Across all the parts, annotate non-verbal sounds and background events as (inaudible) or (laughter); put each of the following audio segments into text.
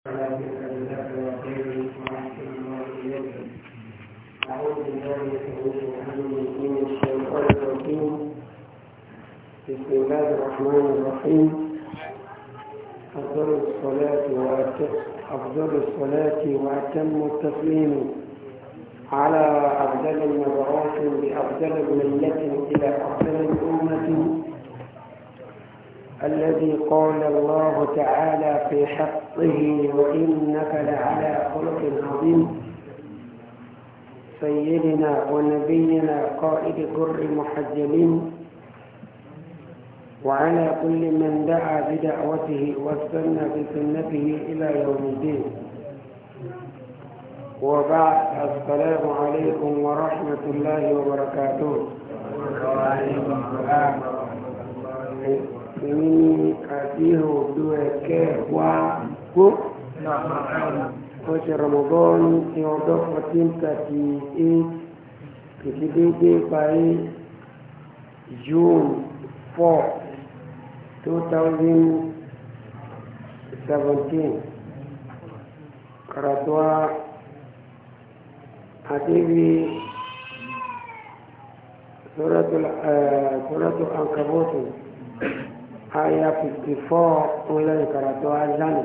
بسم الله الرحمن الرحيم أفضل الصلاة وأتم أفضل الصلاة وأتم التسليم على أفضل النظرات بأفضل ملة إلى أفضل الأمة الذي قال الله تعالى في حق وحفظه وإنك لعلى خلق عظيم سيدنا ونبينا قائد كر محجلين وعلى كل من دعا بدعوته واستنى بسنته إلى يوم الدين وبعد السلام عليكم ورحمة الله وبركاته وعليكم السلام ورحمة الله وبركاته ko wọ́n ṣe Ramadan ní ọdọ́ fourteen thirty eight kìkì déédéé parí June 4, 2017. thousand seventeen karatuwa àdébí sọ́rọ́tò àǹkàbọ́tò eh, àyà fifty four ńlẹ́yìn karatuwa zanu.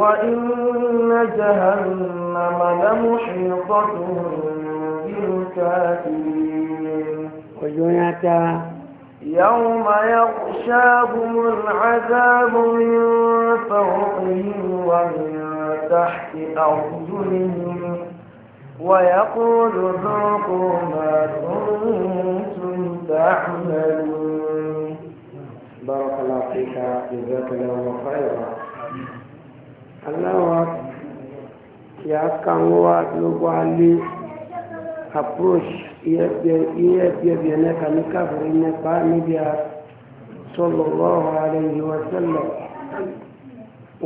وإن جهنم لمحيطة بالكافرين يوم يغشاهم العذاب من فوقهم ومن تحت أرجلهم ويقول ذوقوا ما كنتم تعملون بارك الله فيك جزاك الله خيرا aláwa kì á ka ń wá lọ́wọ́ alẹ́ approach iyẹ́bíẹ́bíẹ́ nẹ́ka ní káfíìn nípa níbi a sallallahu alayhi wa sallam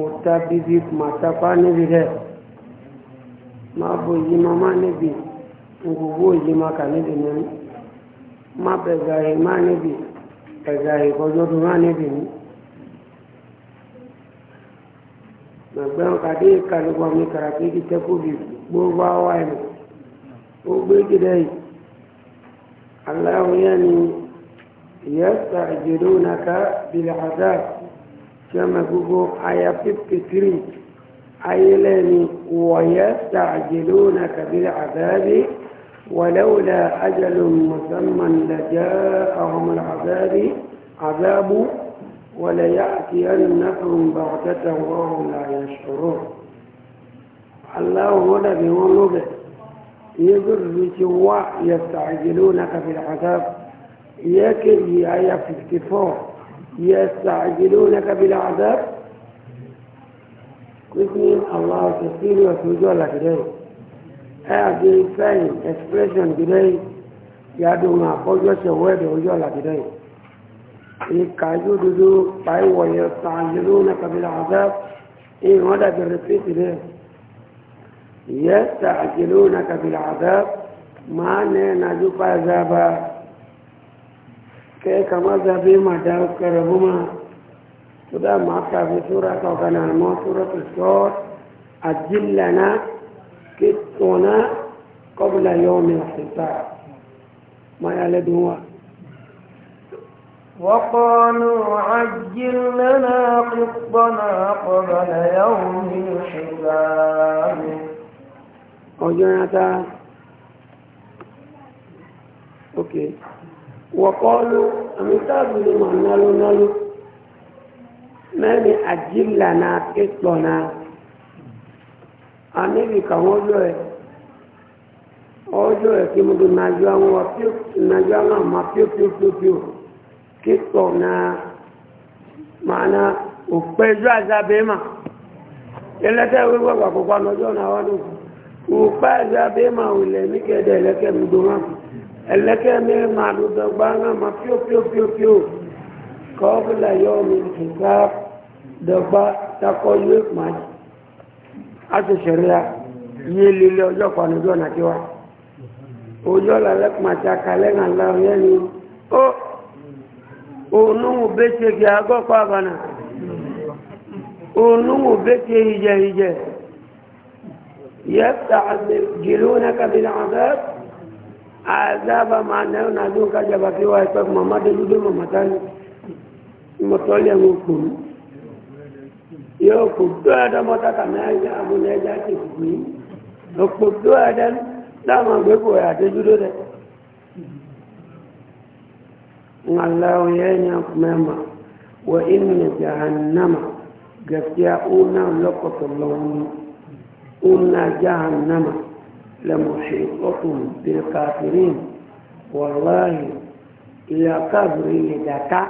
òta bíbí màtàpá níbi rẹ̀ máa bo yìí máa má níbi gbogbo yìí máa kà níbi nínú má bẹ̀gà yìí má níbi bẹ̀gà yìí kọjọ́ tó níbi nínú. gbẹ̀gbẹ́ kàdé kàlùbọ̀ mi kàràkì kí tẹ́kù bí gbogbo àwọn àìmọ̀ ó gbé gidẹ̀ yìí aláwọ̀ yẹn ni yẹ́sà ìjòdó nàka bìlẹ̀ àdá tí a máa gbogbo àyà fífi tírì ayélẹ̀ ni wọ̀yẹ́sà ìjòdó nàka bìlẹ̀ àdá bí ولولا أجل مسمى لجاءهم العذاب وليأتينهم بغتة وهم لا يشعرون الله هنا بيقول يجرج يستعجلونك بالعذاب يكن هي في اكتفاء يستعجلونك بالعذاب كثير الله تسير وتوجه لك دي أعجل فاين expression دي يدو ما قوجه سوى دوجه لك دي يكاجو دودو باي ويستعجلونك بالعذاب إن ولا بالرفيق له يستعجلونك بالعذاب ما ننجو عذابا كي كما ذهبي ما داوك كرهما تدا ما في سورة وكان الموت سورة الشور أجل لنا كتنا قبل يوم الحساب ما يلد هو وقالوا عجل لنا قطنا قبل يوم الحساب وجنتا اوكي وقالوا امتاب لما نالو نالو ẹ̀ ọjọ́ ẹ̀ kí kíkọ̀ náà màánà òpẹ́jú àzàbẹ́mà ẹlẹ́tẹ́ wíwọ́ àpapọ̀pọ̀ ọjọ́ náà wọ́n ní òpẹ́jú àzàbẹ́mà òlẹ̀ ní kẹ́ẹ̀dẹ̀ ẹlẹ́kẹ́ mìdó wọn ẹlẹ́kẹ́ mẹ́rin àdúgbà náà ma píó píó píó píó kọ́ọ̀bùlà yọ mi kìkà dọ́gba takọ yóò máa jì á ti ṣẹ̀ríà yé lílé ọjọ́ kan ọjọ́ ojú ọ̀là lẹ́kùnmá akalẹ́ náà lọ́rọ̀ yẹn ó onúwò bẹ́tẹ̀ kí agọ́kọ̀ àbànà onúwò bẹ́tẹ̀ ìjẹ ìjẹ yẹ́pta jìlú náà bí náà azaba maana yao najua kaja bakiwa ma mama de judo mama tani motoli ya ngukuru yo kudua mota ya abu ne ja ki kuyi no kudua da da ya judo de الله ينيا مما وإن جهنم جفتيا أونا لقط اللون أونا جهنم لمحيطة بالكافرين والله إلى قبر لدكا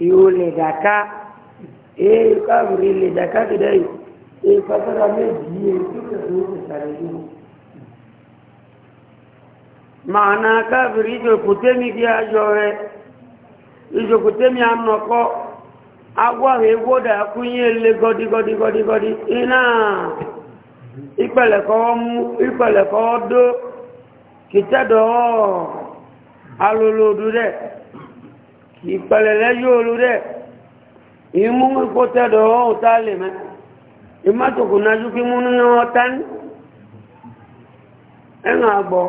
يولي دكا إيه قبر لدكا كده إيه فترة مجيئة كده maana kafiri ijokutemi kiajore ijokutemi anoko agwahe woda kunye le godi godi godi godi ina ipeleko mu ipeleko do kitedo alolodu de ipelele yolu de imu ipotedo utaleme imatokuna yuki munu yotan ẹ̀nà àgbọ̀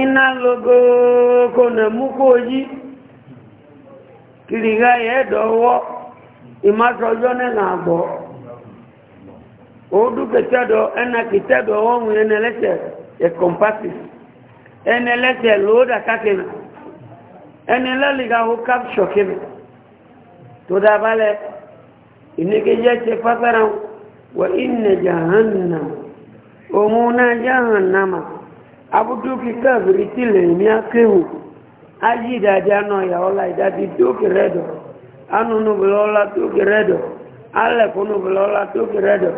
iná logo kò nà mú kó yí kìrìgá yẹ́ dọ̀wọ́ ìmásọjọ́ nẹ́nà àgbọ̀ òódú kẹtẹ́dọ̀ ẹnà kẹtẹ́dọ̀ ọ̀hún ẹnà ẹlẹ́sẹ̀ ẹ̀kọ̀mpásìs ẹnà ẹlẹ́sẹ̀ lóódà kákẹ́nà ẹnà ẹlẹ́lẹ́gà ó kápṣọ̀ ìfikẹ́jẹ́ fására wà inna jahannam òmùnà jahannama abudu kíkà fìrí tilẹ̀ ní akéwù ayé ìdájá náà yà ọ́la ìdájí tókè rẹ̀dọ̀ anúnú bìlọ́ ọ́la tókè rẹ̀dọ̀ alẹ́kùnú bìlọ́ ọ́la tókè rẹ̀dọ̀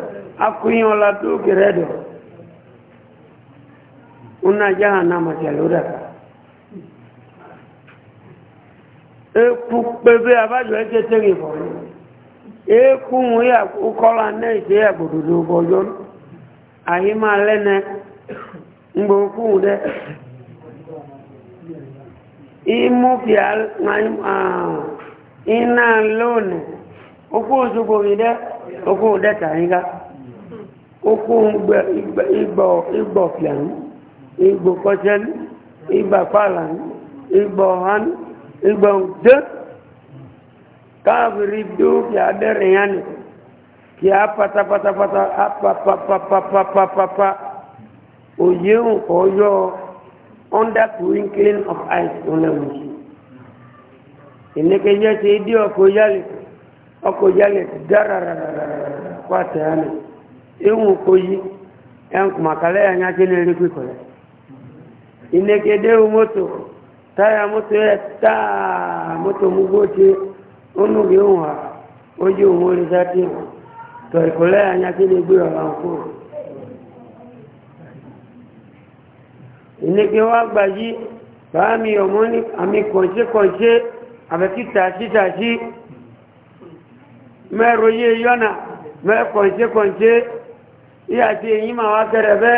akúnyìn ọ́la una jahannama eke ekwu ya ụkọla na-eje ya gbododo ụbọjọ anyị lene mgbe okwu ude imụpịa ịna lone okwu ozugbo ide okwu ude ka anyị ga okwu igbọpịa igbokọcha igbapala igbo ha káàbìrì dó kí a bẹ̀rẹ̀ yán ni kí a pátápátápátá apapapapapapapa òye nǹkan yọ under twinkling of eyes ọlẹ́wọ̀n sí ìnẹ́kẹ́jẹ́ ti dí ọkọ̀ yálẹ̀ ọkọ̀ yálẹ̀ dárarararara pàtẹ àmì ìwọ̀n kò yí ẹnkùn màkàlẹ́ yẹn nyájẹ́ ní erékùn ìkọ̀lẹ̀ ìnẹ́kẹ́jẹ́ mọ́tò táyà mọ́tò ẹ̀ táà mọ́tò mú gbó tiẹ̀ onu gi wa oju umuri zati wa to ikule anya kile gbiro la nko ineke wa gbaji ba mi omoni ami konje konje abe kita sita si me roye yona me konje konje iya ti yin ma wa kerebe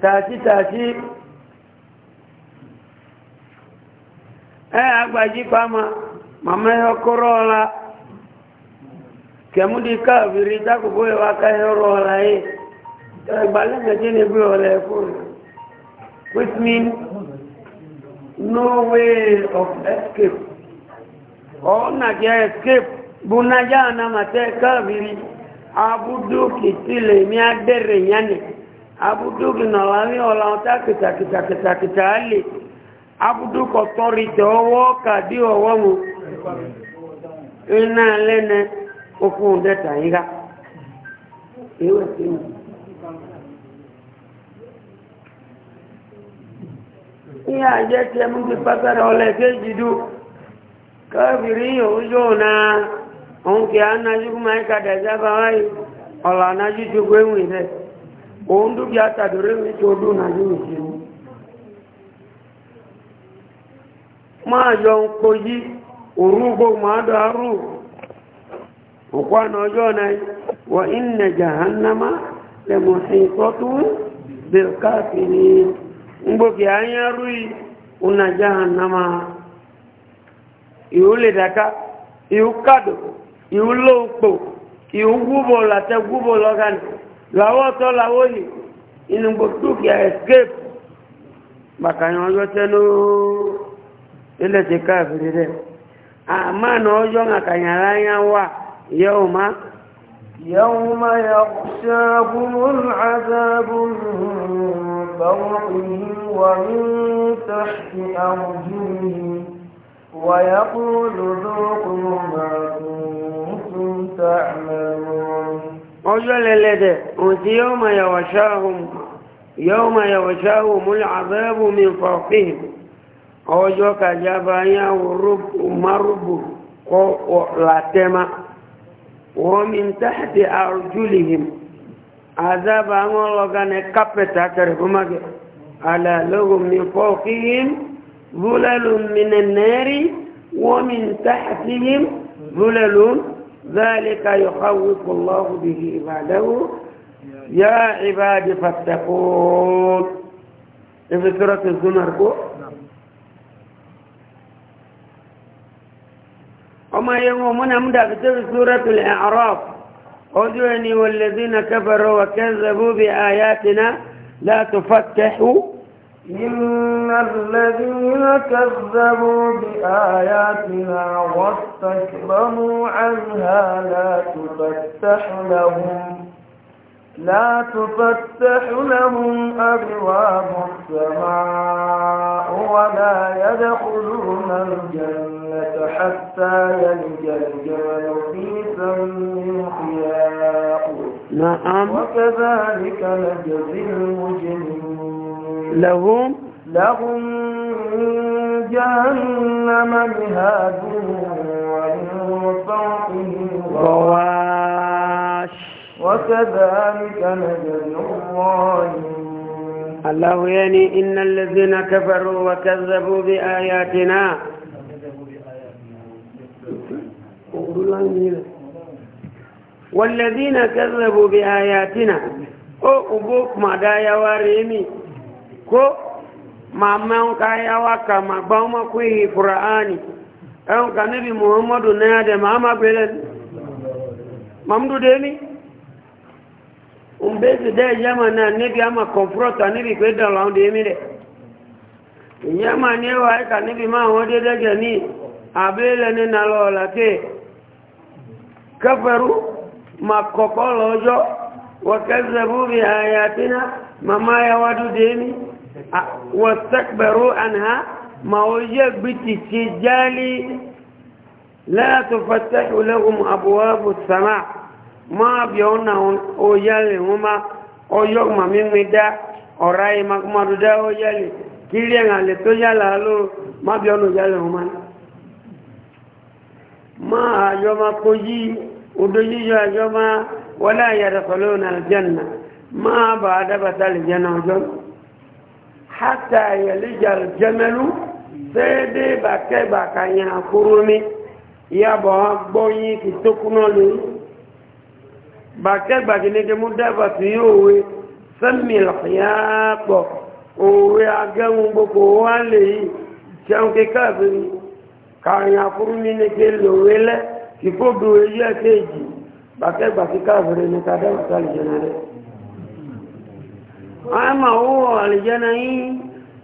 ta si ta si eh agbaji pa ma mama yo korola kemudi ka virita kuboye waka yorola e balenga jini biole kuna which means no way of escape ona kia escape bunajana mateka viri abuduki tile miadere nyane abuduki nalami ola otakita kita kita kita kita ali abuduki authority owo kadi owo mu ina lene okun dẹ́ta yíra ewé sí mi. ní àjẹ́ tí ẹmú ti pátádà ọlẹ́ kéjì dú káfìrí òun yóò náà òun kì á nájú ma ka kadà jábá ọ̀là nájú tó gbé wìn rẹ̀ òun dúkìá mi urugo madaru ukwano jona wa inna jahannama la muhitatun bil kafirin mboki anyarui una jahannama iule daka iukado iulopo iugubo la te gubo logan lawo to lawo yi inu mboki ya escape bakayo jotelo ile te kafiri de àmàna ọjọ́ àkànyàrá yá wà yóò má يوم يغشاهم العذاب من فوقهم ومن تحت أرجلهم ويقول ذوقوا ما كنتم تعملون ọjọ́ lẹ́lẹ́dẹ̀ òtí yóò mọ̀ yàwàṣáhùn yóò mọ̀ yàwàṣáhùn múlẹ̀ àbẹ́rẹ́bù mi fọ̀fíhìn ọjọ́ kàjába yá márùbù kọ́ látẹ́má wọ́n mi ń tàbí àrùjúlìhìm àzába wọn lọ́gá ní kápẹ̀tà kẹrì fún mágẹ̀ alàlógún mi fọ́ kíyìm búlẹ̀lù mìnẹ̀nẹ́rí wọ́n mi ń tàbí búlẹ̀lù ذلك يخوف الله به عباده يا عباد فاتقون في سورة الزمر وما يومنا مدى في سورة الأعراف أدعني والذين كفروا وكذبوا بآياتنا لا تفتحوا إن الذين كذبوا بآياتنا واستكبروا عنها لا تفتح لهم لا تفتح لهم أبواب السماء ولا يدخلون الجنة حتى يلج الجمل في سم نعم وكذلك نجزي المجرمين لهم لهم جهنم مهاد ومن فوقهم غواش وكذلك نجزي الظالمين الله يعني إن الذين كفروا وكذبوا بآياتنا والذين كذبوا بآياتنا أو أبوك ما دايا وريمي كو ما مانكا يا وكا ما باوما كوي قرآني أو كان نبي محمد نادم أما بلد ممدودني umbezi de jama na nibi ama konfrota nibi kwenda laundi emire nyama newa eka nibi ma hodi deje ni abele ni nalola ke kafaru makokolo ojo wakazzabu bi ayatina mama ya wadu demi wastakbaru anha maoje biti tijali la tufattahu lahum abwabu samaa máa bí ọ́nà oyẹ́lẹ̀ wọ́n má ọyọ́ màmí dá ọ̀rá ìmàkùmàdù dá oyẹ́lẹ̀ kí rí ẹ̀hànlẹ̀ tó yálà ló máa bí ọ́nà oyẹ́lẹ̀ wọ́n má máa àjọ máa kó yí odó yíyọ àjọ máa wọlé àyàdàkọ̀ lónà àlùjẹ́nà máa bá adábàtà àlùjẹ́nà ọjọ́ hátà àyẹ̀lẹ́jà àkúrú mi yàbọ̀ gbọ́yìn kìtókùnà lóyún gbàkẹ́gbàkí ní kí mú dábà sí òwe sẹ́mìlìyàpọ̀ òwe agẹ́hun gbogbo wá lè yìí jẹun kíkà sí kàrìyàn fún mi ní kí lòwe lẹ́ kí kó bí òwe yẹ kéèjì gbàkẹ́gbàkí káàbùrẹ́ ní ká sí àlìjẹ́nà rẹ̀ ama huo alijana hii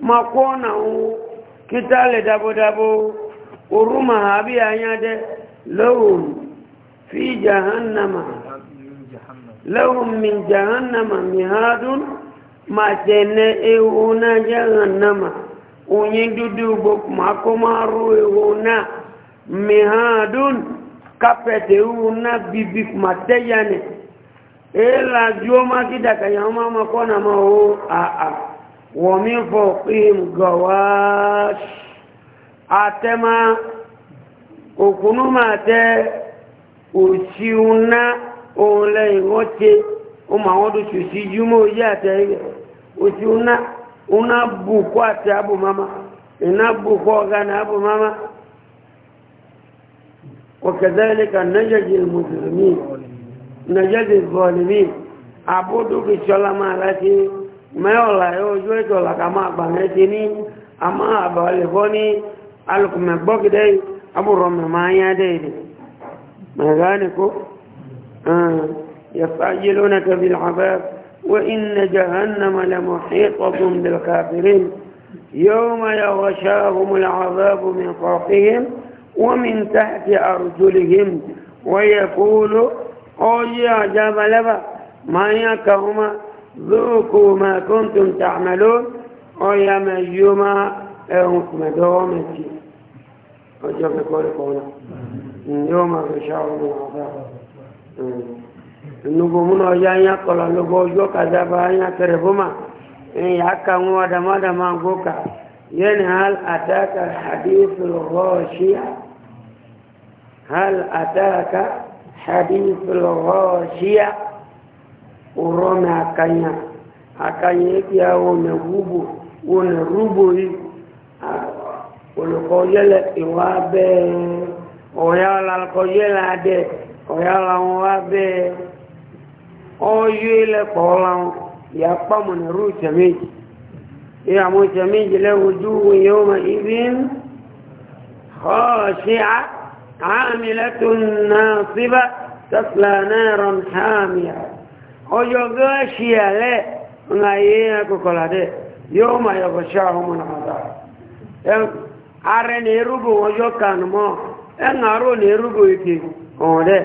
makona huu kitale dabo dabo uruma fi jahannama لهم من جهنم مهاد ما تنى إيونا جهنم ونيدو بك ما كمارو إيونا مهاد كفت إيونا ببك ما تياني إلا جوما كده كيما ما كنا ما هو آآ ومن فوقهم غواش أتما òkùnú máa tẹ́ òṣìúná òun lẹ́yìn wọ́n ṣe ó máa wọ́n dùn ṣùṣì júmọ́ yí o òṣì una bùkọ́ àti abu mama iná bùkọ́ ọ̀gá ní abu mama وكذلك نجد المسلمين نجد الظالمين abudu kìsọ́lá máa láti mẹ́ọ̀lá ojú ètò làkàmọ́ àgbàmẹ́ a máa àbàlẹ̀ fọ́ yá dẹ́ ìdẹ̀ يستعجلونك بالعذاب وإن جهنم لمحيطة بالكافرين يوم يغشاهم العذاب من فوقهم ومن تحت أرجلهم ويقول أوجي عجاب لبا ما يكهما ذوقوا ما كنتم تعملون ويا مجيوما أهكما دوامتي أجاب لكم يوم يغشاهم العذاب Hmm. nugo muno yanya kola nugo yo kaza ba anya tere buma eh aka mu wada mada mangoka yen hal ataka hadithul ghashiya hal ataka hadithul ghashiya urona akanya akanya ya wone gubu wone rubo yi olùkọ́ yẹlẹ̀ ìwà bẹ́ẹ̀ ọ̀yà ọ̀làkọ̀ yẹlẹ̀ adẹ́ẹ̀ ọ̀yára wọn wá bẹ́ ọyọ́ ilẹ̀pọ̀ ọ̀la wọn ìyá pàmò ní rú ìtẹ̀méjì ìyá àwọn ìtẹ̀méjì lẹ́wọ̀dú ìyẹ́wò mà ibi ń ọ̀ṣẹ́ àmì lẹ́tùn náà síbá tẹ́sílà náà rọm sáàmì ọjọ́ gẹ́ẹ̀ṣì alẹ́ ńlá yé akọkọlá dẹ̀ yóò mà yọ̀bọ̀ ṣáà ọmọ náà dá ààrẹ ní erúgbò ọjọ́ kan mọ́ ẹ̀ ń àárò ní erúgbò ìkè ọ̀hún dẹ̀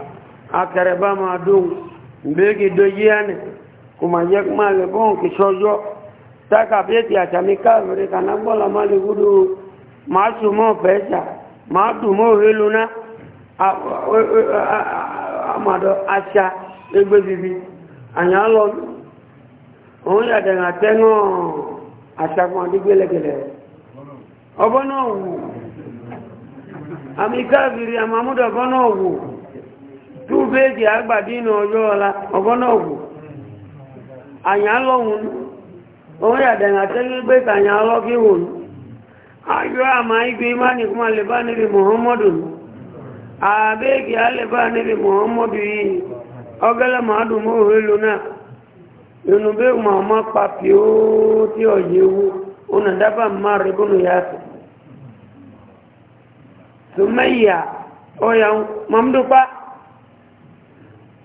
akẹrẹbá máa dóhun ìgbégi dojí ẹni kò máa jẹ́ máa lè bọ́hùn kì sọ́jọ́ tákàbíyètì àtàmì káàkiri kanágbọ́lá máa lè gúdú máa sùn mọ́ pẹ́ẹ́sà máa dùn mọ́ òwe lóná àmàdọ̀ àṣà egbé bíbí àyàn lọ òun yàtẹ̀rẹ̀ àtẹ́ngàn àṣàkùn àdígbélẹ̀gẹ̀lẹ̀ ọgbọ́n náà wù àmì káàkiri àmàmúdọ̀gbọ́n náà wù túbéèjì àgbàdínà ọjọ́ ọ̀la ọgọ́nà ògùn ka lọ́hun orí àdẹ̀nà tẹ́gbẹ́ tàyà lọ́kí hùn ayọ́ àmà igbe imani kúmà lè bá àbẹ́ẹ̀kì a lè bá muhammadu yìí ọgẹ́lẹ̀ màádùn mọ́ òhèlú náà inúbẹ́ màmá pàpì ó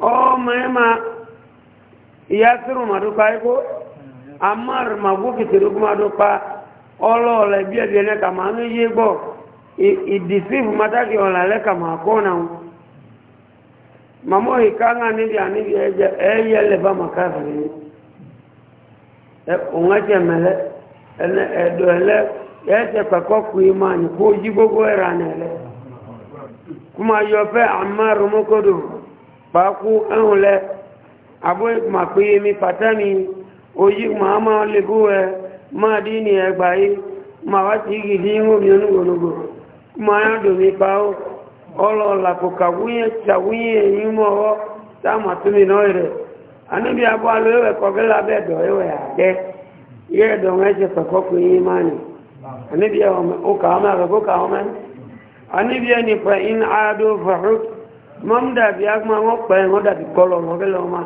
ọmọọma ya sịrị madụkpa ịkụ amarụ ma gwụpụ sịrị madụkpa ọlọọla ebi ebi ene ka ma anụ ihe ịgbọ idisivu mata gị ọla le ka ma akụ na mama ohi ka ṅa nidi anidi ẹjẹ ẹyẹ lẹba maka ẹfẹ ni ẹ ọmọdé mẹlẹ ẹnẹ ẹdọ ẹlẹ ẹsẹ pẹkọ kù yìí ma nyi kó yí gbogbo ẹrẹ anẹ lẹ kó ma yọ fẹ amárùmọkọdọ. pàákú ẹ̀hùn lẹ àbúrò ìgbìmọ̀ pé èmi pàtàkì oyí màámà lè bú ẹ máa dín ní ẹgbà yìí màá wá sí igi ihò mi onígbònogbò máa yá dòmí pa ó ọlọ́ọ̀là kò kàwúyẹ ṣàwúyẹ ẹ̀yìn mọ́ ọwọ́ táàmù àtúmì náà rẹ̀ anábì abọ́ alo ẹ̀wẹ̀ kọ́kẹ́ lábẹ́ ẹ̀dọ̀ ẹ̀wẹ̀ àgẹ́ yẹ́ ẹ̀dọ̀ wọn ẹ̀ṣẹ̀ pẹ̀kọ́ máa nì anábì ọkà ọmọ kà ọmọ anábì mọ ń dàbí agbá wọn pẹ wọn dàbí kọlọ wọn fẹlẹ wọn máa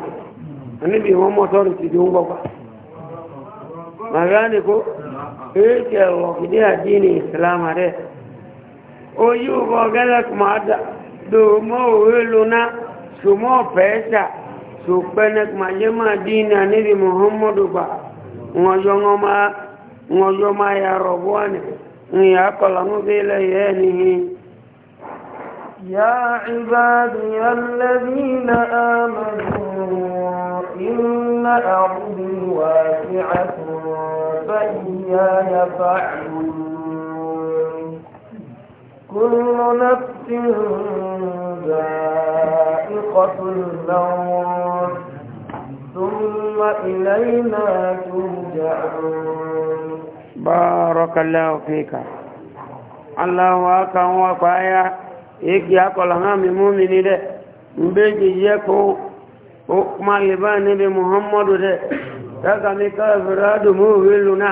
tẹ níbi wọn mọ sọrọ ìtìjú ń bọ pa màgá ni kó èyí ti ẹwọ ìdí àdí ní ìsìlámà rẹ oyi òkò gẹlẹ kùmà dà do mọ òwe lona sòmọ pẹẹsà sòpẹnẹ kùmà yé máa dì ní anídìí muhammadu gba wọn yọ wọn máa wọn yọ máa yà rọ bọ́ọ̀nì ń yà kọlà ń gbé lẹ́yìn ẹ̀ nìyí. يا عبادي الذين آمنوا إن أرضي واسعة فإياي فاعبدون كل نفس ذائقة الموت ثم إلينا ترجعون بارك الله فيك الله أكبر وقايا èkì akọ̀lọ̀ na mi mú mi ní dẹ̀ mbéjì yẹ kó ó má dị bá níbi muhammadu dẹ̀ tẹ́ka mi káàbìrì adùnmú òwe luna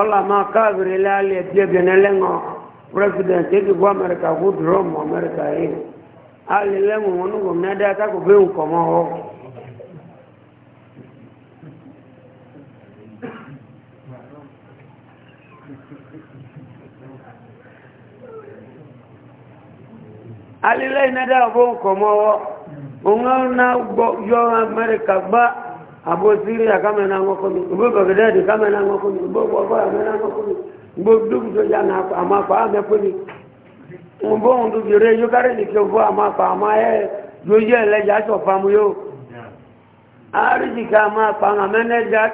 ọlà má káàbìrì lálẹ́ bíẹ̀bẹ̀ nílẹ́ngàn president èkì bọ́ amẹ́ríkà kó dùrọ̀mù amẹ́ríkà yìí alẹ́ lẹ́ngàn alilẹ́ ìnádà ọ̀bọ̀ nǹkan mọ́wọ́ òun náà yọ amẹ́ríkà gbá àbò síríà kámẹ́nà ọkọ̀nù ìgbó gọ̀gẹ́dẹ́dì ìgbó ìgbó nà ìgbó yóò ní kí o bọ́ yóò yẹ ẹlẹ́jà sọ̀fàmù yóò àríjìká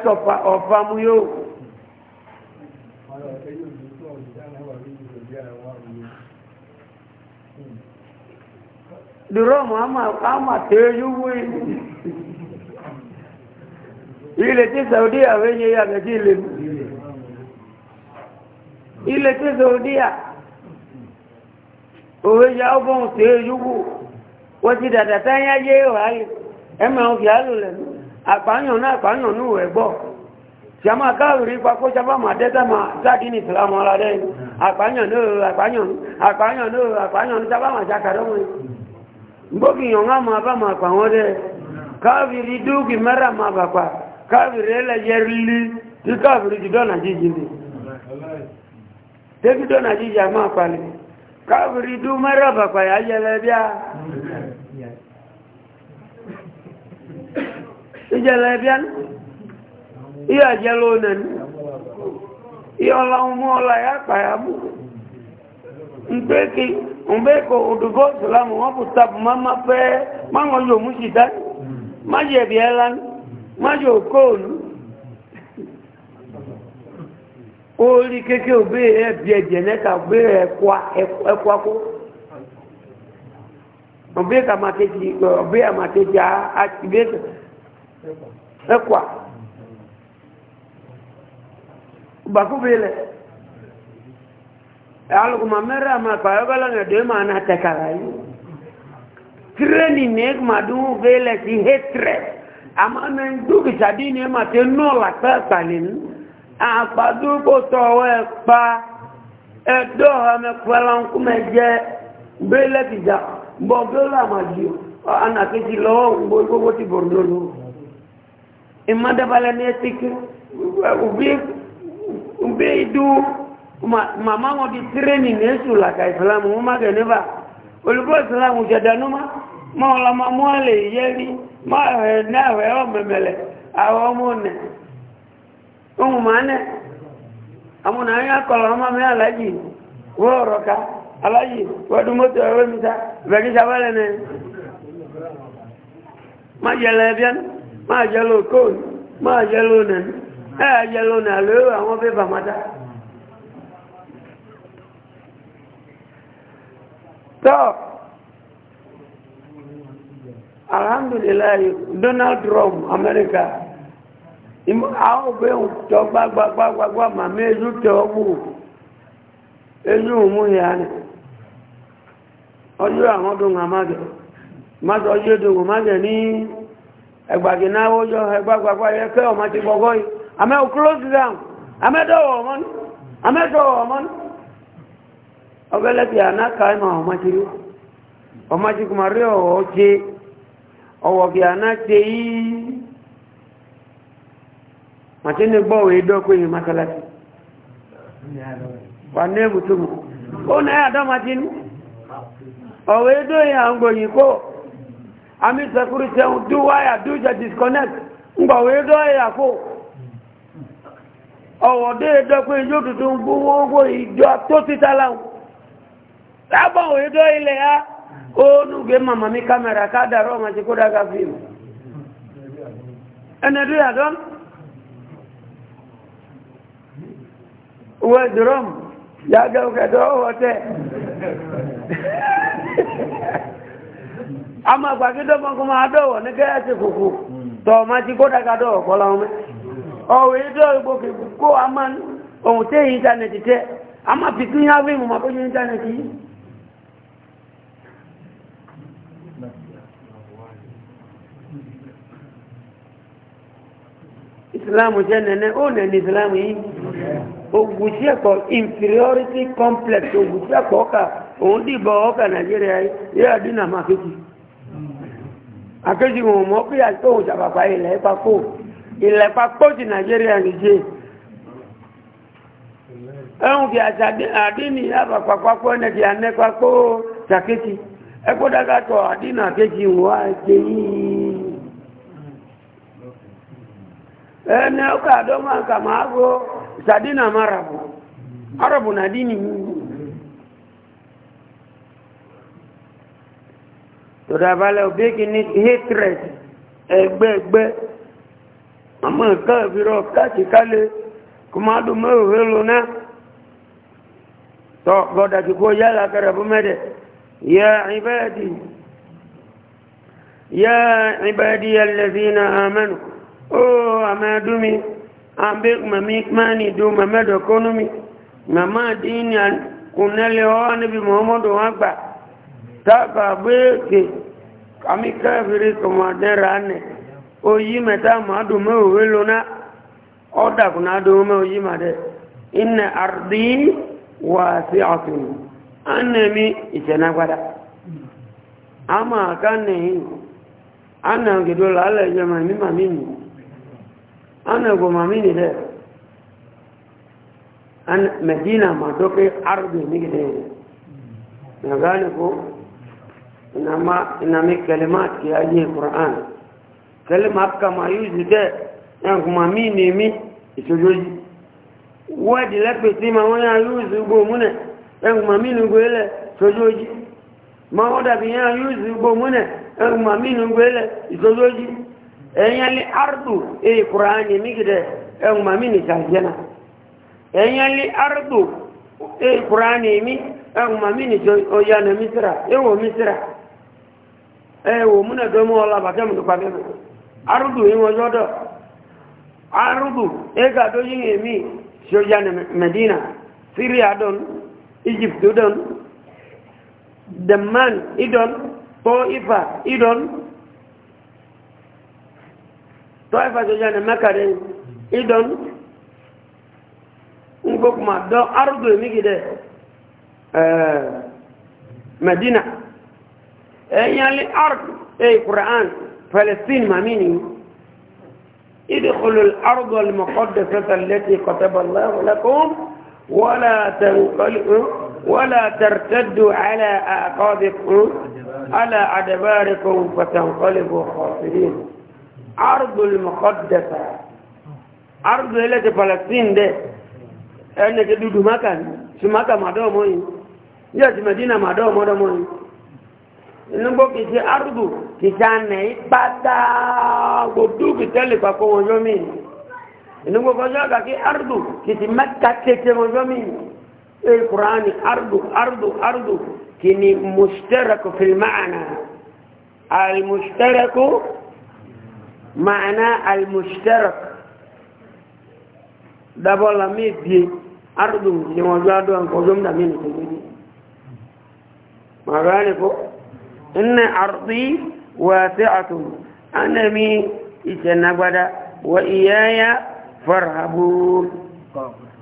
yóò dùrọ́mù àmà tẹ́yú wé ilẹ̀ tí saudi àwẹ́yẹ yàgẹ̀dí ilẹ̀ ilẹ̀ tí saudi à òwẹ́yà ọgbọ̀n tẹ́yú wó wọ́n ti dàdà táyá yé wáyé ẹmẹ́ òfì alùlẹ̀ àpáyàn náà àpáyàn ní ìwẹ̀ gbọ́ sàmà káàrí pakó sábà máa dẹ́tà máa sáàdì ní ìsìlámọ́ ọ̀la rẹ̀ àpáyàn náà àpáyàn náà àpáyàn náà sábà máa ṣàkàdọ́mọ́ yìí mbogi yonga maba makwa ngode kaviri dugi mara maba kwa kaviri ele yerli ti kaviri jidona jiji ndi te jidona jiji ama kwa le kaviri du mara ba kwa ya yele bia ijele bia iya jelo nan iya la ya kwa ya mu mpeki umbeko udugo salamu wapu tabu mama pe mango yo mushitan hmm. maje bielan majo kon ori keke obe e bie bie neta obe e kwa e kwa ko obe ka mateji obe a mateji a ekwa e kwa alukuma mẹ́rẹ́ àmà pàyọ́gọ́lá ẹ̀dọ́ ma na tẹ́kàrà yìí tírénì ní ẹgbàdún vélẹ̀ sí hétrẹ̀ àmà ní dúkìtà bí ní ẹmà tẹ́ nọ́ọ̀lá pẹ́ẹ̀pàlẹ̀ ní àpàdúgbò tọ́wọ́ ẹ̀ pa ẹ̀dọ́ ọmọkùnrin ọkùnrin jẹ́ vélẹ̀ tìjà ti Mama wọn di training ní èsù làkà ìsìlámù wọn má gẹ̀ níbà olùkọ́ ìsìlámù jẹ̀dánú má má ọlá má mú ẹ̀lẹ̀ yẹ́ rí má ẹ̀ ní àwẹ̀ ọ̀mẹ̀mẹ̀lẹ̀ àwọn ọmọ nẹ̀ ohun máa nẹ̀ àmúnà ayé akọlọ ọmọ mi aláyì wọ́n ọ̀rọ̀ ká aláyì wọ́dún mọ́tò ẹ̀rọ mi ta bẹ̀rẹ̀ sábẹ́lẹ̀ nẹ̀ má yẹlẹ ẹbíán má yẹlẹ òkóòn má yẹlẹ ònà tọ́ alhamdulilayi donald trump amerika àwọn òbẹ́ òtọ́ gbagbagbagbagbà màmí ezú tẹ ọgbù ezú òmú yà ni ọjọ́ àwọn ọdún àmàgẹ̀ máṣe ọjọ́ ìdùnkù máṣe ní ẹgbàgì náà ọjọ́ ẹgbàgbàgbà yẹ kẹ́ ti yìí close down ọgbẹ́lẹ́ ti ànáka ẹ̀mọ̀ ọmọdéru rí yìí gbọ́wọ́ ìdọ́kọ̀ wà ní ó náà àdọ́màtínú ọ̀wọ́ ìdó yìí à ń gbòyìn kó àmì security ẹ̀hún do wire do the disconnect ń gbọ̀wọ́ ìdó àkó ọ̀wọ́ dé ìdọ́kọ̀ yóò Saba uido ile ya onu gema mami kamera kada roma chikuda ka film. Ana do ya don? Uwe drum ya ga ukedo wote. (laughs) Ama kwa kido mko maado ni kaya chikuku. To ma chikuda ka do kola ume. Oh uido ibo ko aman o te internet te. Ama pikin ya ma mapo internet yi. islam jẹ́ nẹ́nẹ́ ó nẹ̀ ní islam yìí ogun sí ẹ̀kọ́ inferiority complex ogun sí ẹ̀kọ́ ọkà òun dìbò ọkà nàìjíríà yìí àdínà máa kéjì akéjì wọn mọ́ pé àtòhùn sàpàpà ilẹ̀ ìpapò ilẹ̀ ìpapò ti nàìjíríà nìjẹ́ ẹ̀hùn kí àdínì àpapàpapọ̀ ẹ̀nẹ̀ kí anẹ́papọ̀ sàkéjì ẹ̀kọ́ dákàtọ̀ àdínà kéjì wọn á ṣe yìí ene uka doma kama ago sadina marabu arabu na dini mungu todabale obeki ni hatred egbe egbe ama ka biro kati kale kuma du me helo na to goda ki ko yala karabu mede ya ibadi ya ibadi alladhina amanu oo amedumi ambe mami mani du mamedo konomi mama dini an kunele o nabi muhammad wa gba ta ba beke ami kafiri ko madera ne oyi meta madu me owelona oda kuna do me oyi made inna ardi wasi'atun anemi itena gwada ama kan ne ana ngidola ala jama mi mami ni ana gomami ne da an madina ma dokai arbe ne da na gane ko ina mai kalimat ke ajiye ƙura'an kalimat kama yuzu da yan gomami ne mi isojoji wadi lẹ́pẹ̀ tí ma wọ́n yá yúùsù gbò múnẹ̀ ẹgbùnmà mínú gbélẹ̀ ma wọ́n dàbí yá yúùsù gbò múnẹ̀ ẹgbùnmà mínú gbélẹ̀ ìsojójí enyali ardu e qur'ani migide en mamini sajena enyali ardu e qur'ani mi en mamini o yana misra e wo misra e wo muna do mo la ba dem ba dem ardu e wo yodo ardu e ga do yin emi so yana medina syria don egypt don the idon po ifa idon طائفة جانا مكرين إذن نقول ما دو أرض ميجي ده مدينة يعني الأرض أي قرآن فلسطين ما ميني ادخلوا الأرض المقدسة التي كتب الله لكم ولا تنقلوا ولا ترتدوا على أعقابكم على أدباركم فتنقلبوا خاسرين ardul muqaddasa ardu elete palestine de ene ke dudu maka ni si maka mado mo yi ya si medina mado mo do mo yi nugbo kì í ṣe arúgbó kì í ṣe àná ìpátá gbòdú kì í tẹ́lẹ̀ papọ̀ wọn yọ mí nugbo kọjá ọ̀gá kí arúgbó kì í ṣe ee kuraani arúgbó arúgbó arúgbó kì í ní mùsítẹ́rẹ̀kù fìlmáàna àlùmùsítẹ́rẹ̀kù. معنى المشترك دبل ميدي أرض نوزاد أن قزم مين تجدي ما قالكو إن أرضي واسعة أنا مي إتنبدا وايايا فارهبون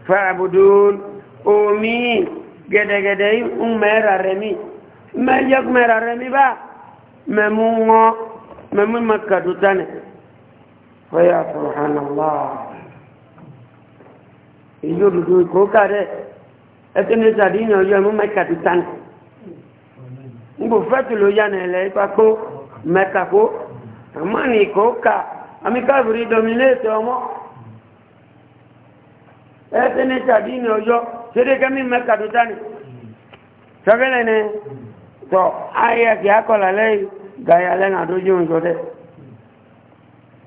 فاعبدون أمي جدا قد أمير رمي ما يقمر رمي با ممو ممو مكة تاني fọ́yà sọ̀rọ̀hánàlá ìlú òdòdó ìkó kàrẹ ẹkẹ́ni sàdínà ọjọ́ ẹmú mẹ́kà ti tán ngbò fẹ́tù ló yá nà ẹ̀lẹ́ ipa kó mẹ́kà kó àmọ́ ní ìkó ọmọ ẹkẹ́ni sàdínà ọjọ́ ṣẹ́dẹ́kẹ́mí mẹ́kà ti tán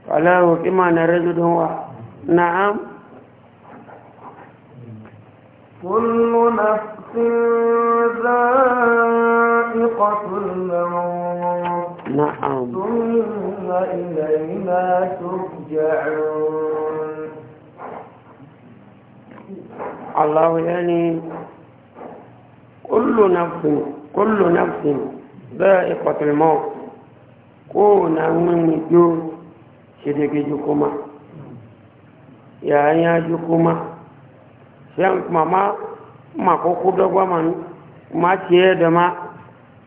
له كما نرد هو نعم كل نفس ذائقة الموت نعم ثم إلينا ترجعون الله يعني كل نفس كل نفس ذائقة الموت كون من يوم shedege jukuma yanya jukuma siyan mama ma koko dogba man ma tiye da ma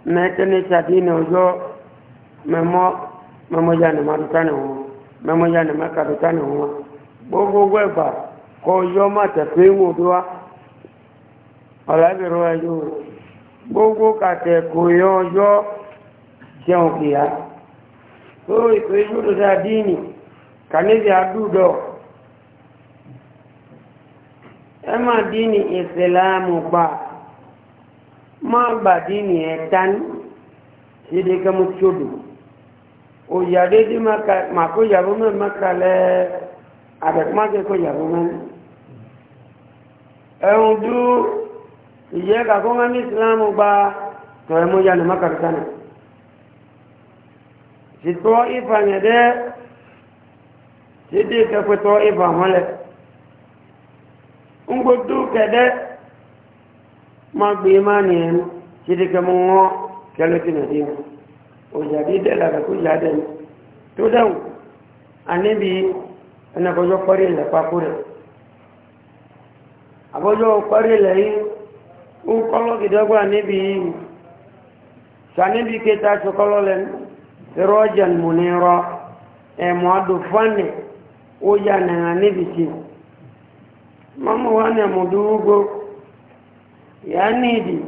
na ita ne tadi ne ojo memo memo ya ne maduta ne wọn memo ya ne makaduta ne wọn gbogbo ẹgbà kọ yọ ma tẹfẹ ń wòdó wa ọlábìrún ẹjọ gbogbo kàtẹ kò yọ ọjọ so ikwejudo za dini kanezi adudo ema dini islamu ba ma ba dini etan sidi kamu chudu ojade di maka mako yabo me makale abek make ko yabo me ehun du iye ka ko ngani islamu ba to emu ya ni makakana ti tọ́ ìfà yẹn dẹ́ ti dé kẹ́kẹ́ tọ́ ìfà wọn lẹ̀ ń gbódú kẹ́dẹ́ má gbé má nìyẹn ti dé kẹ́ mú wọn kẹ́lẹ́ kí nàdí wọn òjà bí dẹ́ làkà kó yà dẹ́ tó dẹ́wù àníbi ẹnìkọjọ́ kọ́rí ilẹ̀ pákó rẹ̀ àbọ́jọ́ kọ́rí ilẹ̀ yìí ń kọ́lọ́ gidọ́gbà níbi yìí sàníbi kẹta tó kọ́lọ́ lẹ́nu. سراجا منيرا معد فن وجانا نبتي ماما وانا مدوغو يعني دي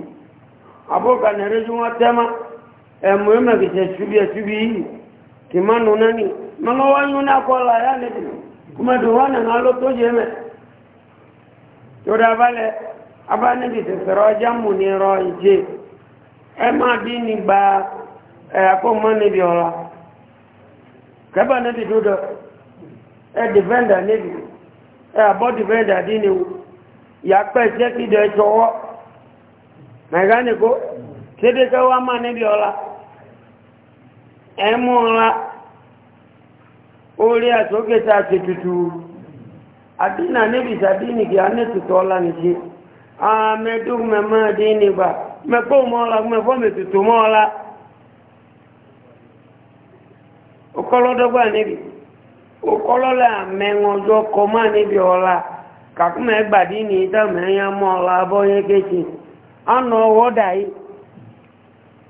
أبوك أنا رجوع تما أمهم بتشبيه تبيه كما نوناني ما هو يونا كلا يعني دي كما دوانا نالو توجيه torí abalẹ̀ abánibìsẹ̀ sọ̀rọ̀ ọjà múnirọ̀ ìjẹ́ ẹ máa bí nígbà ẹ̀yàkó mọ́ níbi ọ̀la kẹba níbi dúdọ ẹ dìfẹ́ndà níbi ẹ àbọ́ dìfẹ́ndà dín ni yàpẹ́ jẹ́ kí ìdọ̀ ẹ̀tọ́ wọ́ mẹ̀gáníkó kédéké wá má níbi ọ̀la ẹ̀mú ọ̀la orí àsókèta àti tutù àdínà níbi a ní tutù ọ̀la nìṣe àmẹ́dùn mẹ́mọ́ dín nígbà mọ́ ọ̀la mẹ́fọ́ mẹ́tutù mọ́ ọ̀la. ọkọlọ́dọ́gbà níbi ọkọlọ́lá mẹ́wọ́njọ́ kọ máa níbi ọlá kàkúmẹ̀ gbàdí ní ìtàmẹ́yàn mọ́ ọlá bọ́yẹ́ kéṣì ọ̀nà ọwọ́ dàí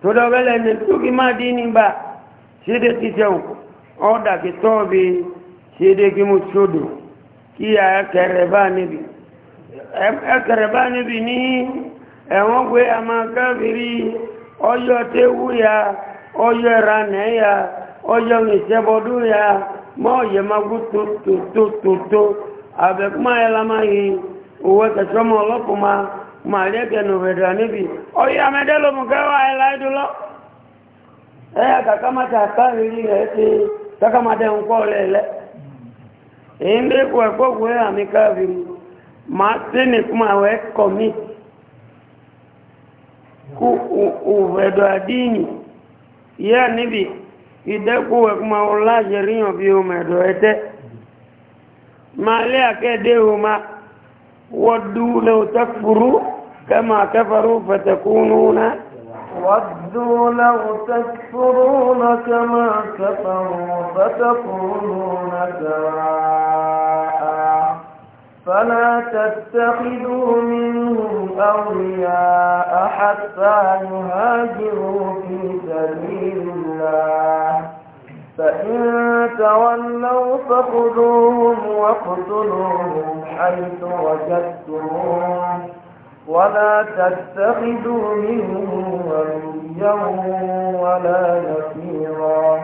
tó dọ́gẹ́lẹ̀ ní tókí máa dín nígbà ṣédé ti jẹun ọ̀dà kí ṣédé kí mo ṣòdò kí ẹkẹrẹ bá níbi ẹkẹrẹ bá níbi ní ọjọ́ ní ìṣẹ́bọ̀dú ya mọ́ yẹmagú tótótótó àbẹ̀kúmá ẹlàmáyí òwò tẹ̀sọ́mọ̀ ọlọ́pùmá màlẹ́gẹ̀nù rẹ̀dà níbi ọ Kú ò ẹ̀dọ̀ àdínì, yẹ́ níbi ìdẹ́kùwẹ̀ kuma ọláṣẹ ríyàn bí o mẹ̀dọ̀ ẹ̀tẹ́ máa lé àkẹ́dẹ́ o ma wọ́dú lẹ́wọ́ tẹ́ fúrú kẹ́mà kẹfàrú fẹ̀tẹ̀kúnú náà وَدُّوا لَوْ تَكْفُرُونَ كَمَا كَفَرُوا فَتَكُونُونَ سَوَاءً فلا تتخذوا منهم أولياء حتى يهاجروا في سبيل الله فإن تولوا فخذوهم واقتلوهم حيث وجدتموهم ولا تتخذوا منهم وليا ولا نصيرا.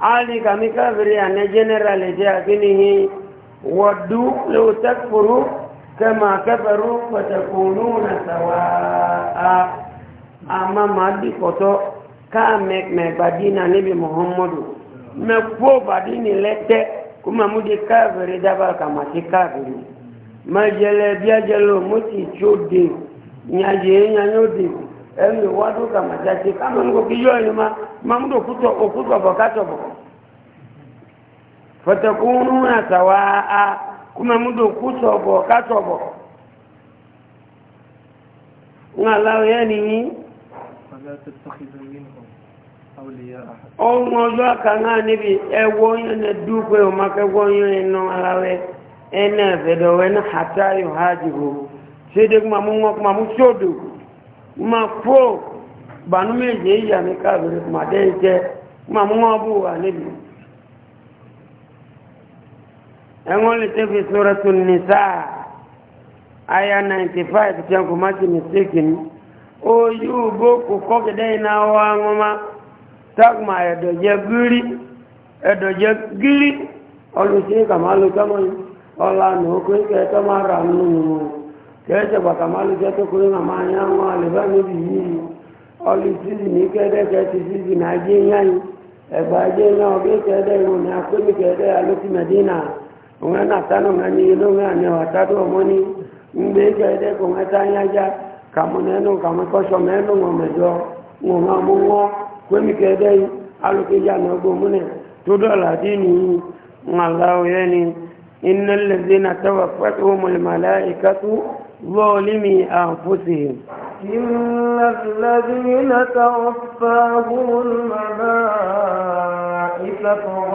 ali kami kafiri ane general je akinihi waddu law takfuru kama kafaru fatakununa sawaa ama madi koto ka me me badina nabi muhammadu me ko badini lete kuma mudi kafiri daba kama ti kafiri majele biajelo muti chode nyaje nyanyodi ẹ̀rù ìwádó kàmàjáde káàmù ní kò kí yọ ẹ̀yìn máa máa múdò òkútọ̀ bọ̀kátọ̀bọ̀ fọ̀tẹ̀kùnrù àtàwà a kú máa múdò òkútọ̀ bọ̀kátọ̀bọ̀ ń aláwọ̀ yẹn nìyí ọmọ ọjọ́ àkàná níbi ẹwọ́ yẹn dúpẹ́ òmákẹ́wọ́ yẹn aláwẹ̀ ní wọn ma fo banu meje ya ni kabiri ma denje ma mo bu wa ni bi enwon le te fi suratul nisa aya 95 jangu maji mistaken o yu bo ku ko gede na wa ma tak ma edo je giri edo je giri olu se kamalu kamo ola no ko ke to ma ra nu kẹ́ẹ̀tẹ̀ pàtàmálù jẹ́ tó kúrò màmá yá wọn àlèbá níbi yìí ọlì sísì ní kẹ́ẹ̀dẹ́kẹ́ ti sísì ní ajé yáyí ẹ̀gbà ajé náà bí kẹ́ẹ̀dẹ́ ìwọ̀n ní akóni kẹ́ẹ̀dẹ́ alókì mẹ́dínà òun náà tánù ńlá ní inú ńlá ní ọ̀tádù ọmọ ní ńgbé kẹ́ẹ̀dẹ́ kò wọ́n tá yájá kàmú nẹ́nu kàmú kọ́sọ̀ mẹ́nu wọn mẹ́jọ wọn máa mú wọn ظالمي أنفسهم إن الذين توفاهم الملائكة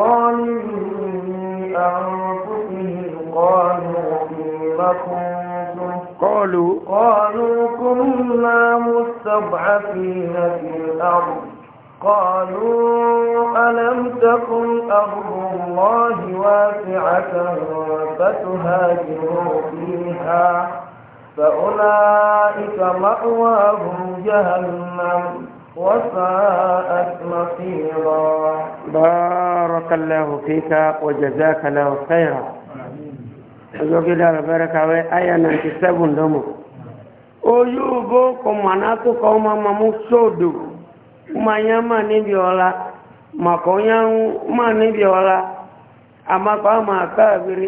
ظالمي أنفسهم قالوا فيما كنتم قالوا قالوا كنا مستضعفين في الأرض قالوا ألم تكن أرض الله واسعة فتهاجروا فيها فأولئك مأواهم جهنم وساءت مصيرا بارك الله فيك وجزاك الله خيرا أزوجي الله بركة وآية 97 دمو oyúbó kọmọ̀nàtò kọ́ máa ma mú sódò máa yá máa níbi ọ̀la màkọ́nyá máa níbi ọ̀la àmàkọ́ àmàkà àbírí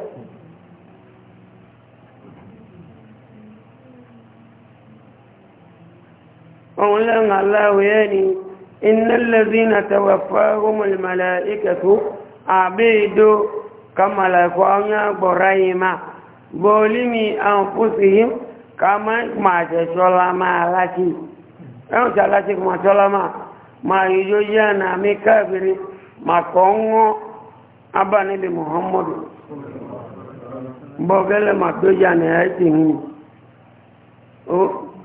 òun lẹ́nu aláwọ̀ yẹ́ ni iná lẹ́bínà tẹwà fáwọ́mùl màláìkẹ̀tù àbídó kàmàlàkọ́ ọ̀nyá gbọ̀rá yìí máa bọ́ọ̀lì mi àwọn fúsì yìí ká máa tẹ̀sọ́lá máa láti ẹ̀hùn tí aláti kò máa tọ́lá na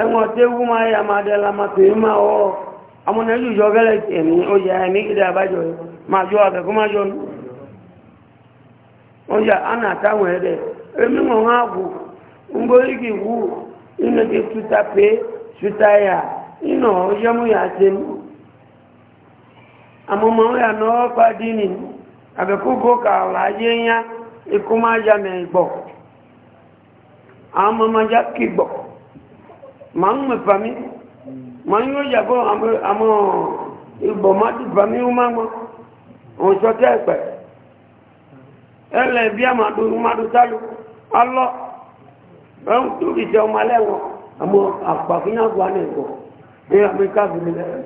ẹ̀wọ̀n tí ewu máa yà máa dẹ̀ la máa tèmi máa wọ́ amúnà ìjọ gẹ́lẹ̀ ẹ̀mí oyè ẹ̀mí kìdí àbájọ máa jọ àkẹ́kọ́ máa jọ nù oyè àná àtàwọn ẹ̀dẹ̀ èmi wọn á tuta ọmọ ma ń mẹ́ fami ma ń yóò yàgò àmọ́ ìbọ̀ má ti fami ó má mọ́ òun sọ tẹ́ ẹ̀pẹ̀ ẹlẹ́ bí àmàdù mmadù sálù alọ́ ẹ̀hún tó kì í ṣe ọmọ alẹ́ wọn àmọ́ àpàkínyàgbọ́ àná ẹ̀kọ́ ní amẹ́ríkà fìlẹ̀ lẹ́yìn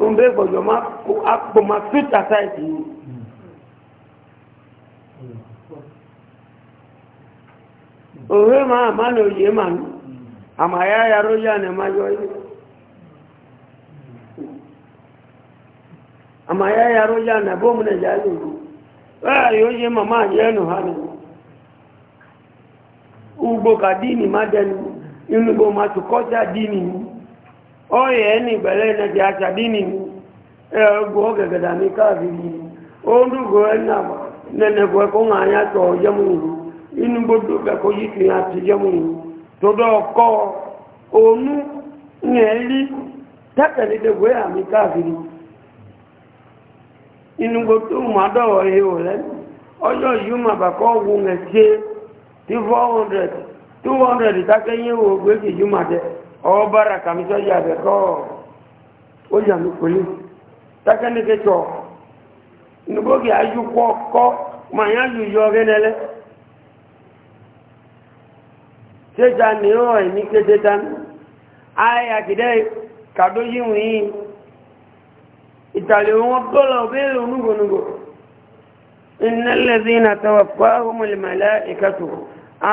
òun bẹ́ẹ̀ gbọ́dọ̀ má kó àpò má fìtà sáìtì yìí. òwe máa má lè òye mà ní àmàyá yaró yà ní má yọ yìí àmàyá yaró yà ní bóòmù nà yà lè rú báyà yóò yé màmá yẹ nù hà ní ugbo ka díìnì má dẹnu inú gbò má tù kọ́sà díìnì ní ọyẹ ẹni ìgbẹ̀lẹ́ iná ti àṣà díìnì ní ẹgbọ́ gẹ̀gẹ̀dà ní káàkiri ó ń dùgbò ẹ̀ nà nẹ̀nẹ̀kọ̀ ẹ̀kọ́ ń àyà tọ̀ ọjọ́ mú ìlú inú gbogbo gbẹ̀kọ́ yìí fi hàn ti jẹun yìí tọ́dọ̀ ọkọ́ onú ní ẹ̀rí tẹ́tẹ̀lédègbé àmì káàkiri inú gbogbo mọ́dọ̀wọ̀ yìí lẹ́nu ọjọ́ yìí mà bàkọ́ wù ń tí 400 200 tákẹ́yìn wò gbé kìí mà jẹ ọ bára kàmísọ́jà bẹ̀kọ́ ó tẹ́jà ní ọ̀ ní kéde tán ayé àkìdẹ́ itali yíwù yìí ìtàlẹ̀ wọn bọ́lọ̀ bẹ́ẹ̀rẹ̀ onúgbònúgbò ìnẹ́lẹ̀sí na tọwọ́pọ̀ ahùnmọ̀lẹ̀mọ̀lẹ̀ ìkẹtù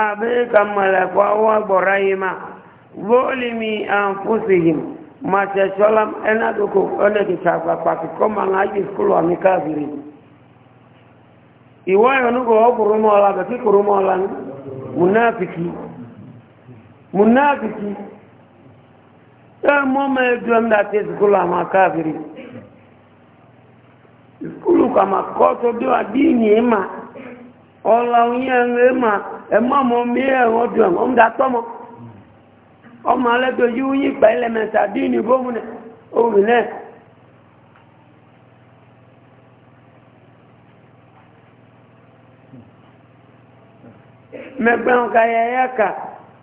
àbẹ́ẹ̀kà mọ̀lẹ̀kọ́ wọ́n gbọ̀rọ̀ yìí ma bọ́ọ̀lìmí àǹfọ́sìhìm màṣẹ̀ṣọ́lá ẹnàdókò ọ̀nẹ́kìtà àgbàpàkì kọ́ máa ń ayé skúlù àmì káàkiri ìwọ́ ìrònúgbò munafiki munafiki ẹmọ ọmọ e ẹ̀mdà tí ìsìkúlù àmà kwa ìsìkúlù kàmà kọ́tọ̀ bí wà bí ìyìn ẹ̀mà ọ̀là òyìn ẹ̀mà ẹ̀mọ́ ọmọ mi ẹ̀rọ ọdún ẹ̀mọ́ ọmọdà tọ́mọ ọmọ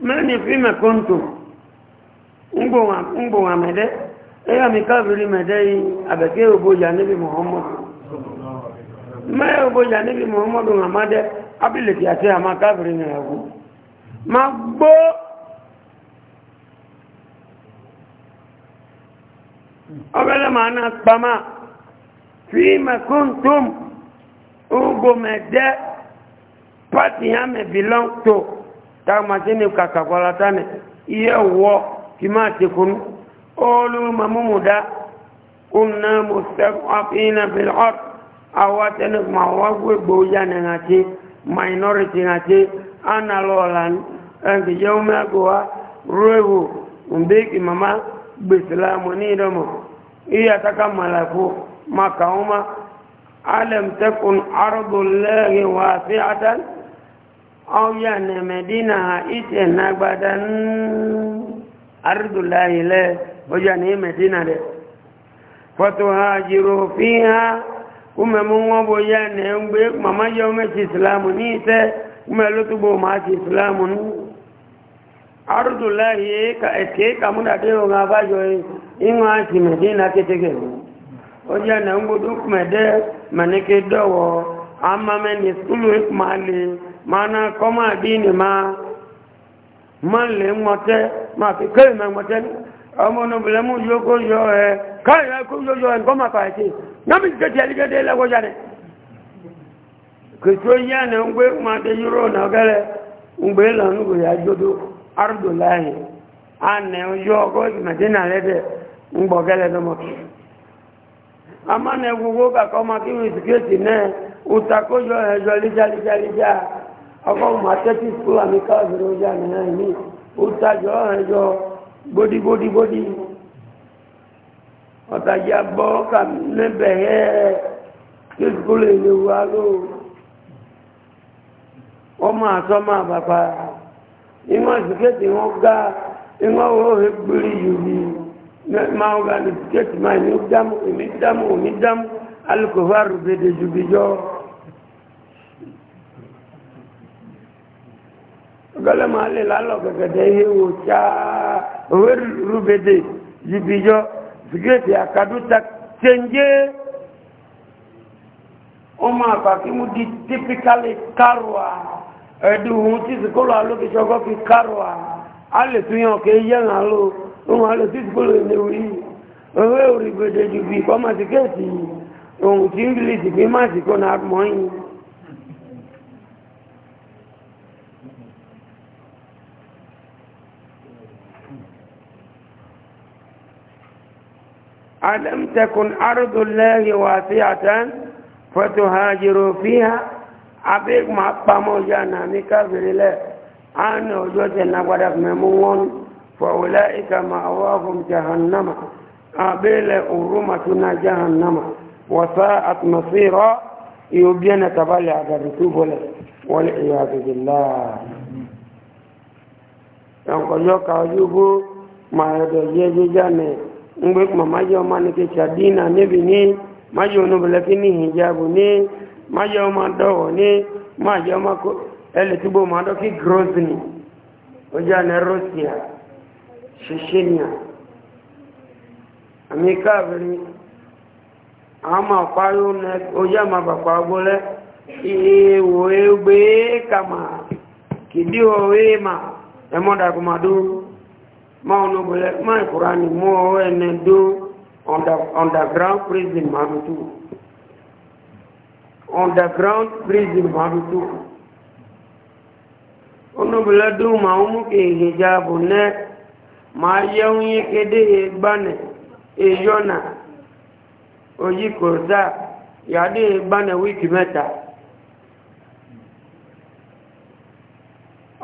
mẹ́ni fíìmẹ̀ kóńtò ń gbòwà mẹ́dẹ́ ẹyà mi káàkiri mẹ́dẹ́ yìí àbẹ̀kẹ́ òbójà níbi muhammadu mẹ́ òbójà níbi muhammadu hamadẹ́ abílẹ̀kì àti káàkiri ma gbó ọbẹ̀lẹ̀ ma náà pàmà fíìmẹ̀ kóńtò ń gbò mẹ́dẹ́ pàtìyàn mẹ́ táàmà tí ní kàkàkọ́lá tánì iye wọ́ kí máa ti kúnú olú mamúmúdá kúnná mustapha filhot awa tẹni ma wá gbogbo yánà ń àti minority ń àti analọ́ọ̀lá ẹnkì jẹ́ omi àgbòwá rúwẹ́wò ǹbẹ́kì mama gbèsìlámù ní ìdọ́mọ̀ iye àtàkà màlàkù maka ọmọ alẹ́mtẹ́kùn arọ́gbò lẹ́yìn ọ̀yà ní mẹ́dínà ìtẹ̀ nágbádá ń àrídùlá ilẹ̀ ọjà ní mẹ́dínà rẹ̀ fọ́tò ha jírò fi ha kúmẹ̀mú wọn bó yá ní ń gbé màmá yọ mẹ́sì ìsìlámù ní ìtẹ́ kúmẹ̀ ló túbọ̀ máa ti ìsìlámù ní àrídùlá yìí ẹ̀kẹ́ kàmúdàdé òun abájọ ìwọ̀n àti mana kọma dini ma ma le ngọtẹ ma fi kéè mẹ ngọtẹ ní ọmọ onúbìlẹ̀ mú yóò kó yọ ẹ káyọ̀ kó yọ yọ ẹ nǹkan máa pàṣẹ náà mi kéde ń gbé dé yúrò náà ń gbé lọ́nù yọ lẹ́dẹ̀ ń gbọ́ lọ́mọ gbogbo kàkọ́ akọ́ màtẹ́tì skul àmì káàkiri ojú àmì náà ní òtajọ́ ọ̀rẹ́jọ́ gbódígbódígbódí ọ̀tajà bọ́ kàmí níbẹ̀ yẹ́ kí skul èlé wa ló ọmọ àtọ́mọ àbàpà ìwọ̀n sìkẹ́tì wọn gá ìwọ̀n òhè gbèrè yìí máa ga ní sìkẹ́tì máa ní dámú èmi dámú òní dámú alukófà rúbẹ̀dẹ̀ jùbìjọ́. gọ́lẹ̀ máa lè lálọ́ ihe wò cháá òwe rúbèdè jìbìjọ akadu àkàdúta tẹ́ǹjẹ́ ó máa pàkí mú di típíkálì kárùà ẹ̀dùn ohun tí ìsìnkólò alo fi kárùà á lè tún kí yẹ́ hàn ló ohun alò tí kó ألم تكن أرض الله واسعة فتهاجروا فيها أبيك ما قاموا جانا مكافر له أنا وجوت نقدك ممون فأولئك مأواهم جهنم أبيل أرمتنا جهنم وساءت مصيرا يبين تبالي على الرتوب والعياذ بالله ينقل يوكا يجوبوا ما يدجي جاني ngbe kuma majo ma ni ke chadina nebi ni majo no bele kini hijabu ni majo ma do ni majo ma ko ele tubo ma do ki grozny oja ne russia chechenia amika veri ama payo ne oja ma ba pa gole iye wo egbe kama kidi o ema emoda kuma duru ma ono bole ma Qur'ani mo ene do underground prison mabutu underground prison ma ono bole do ma umu ke hijabu ne ma yeunye kede gbane eyona oyi koza yade gbane wiki meta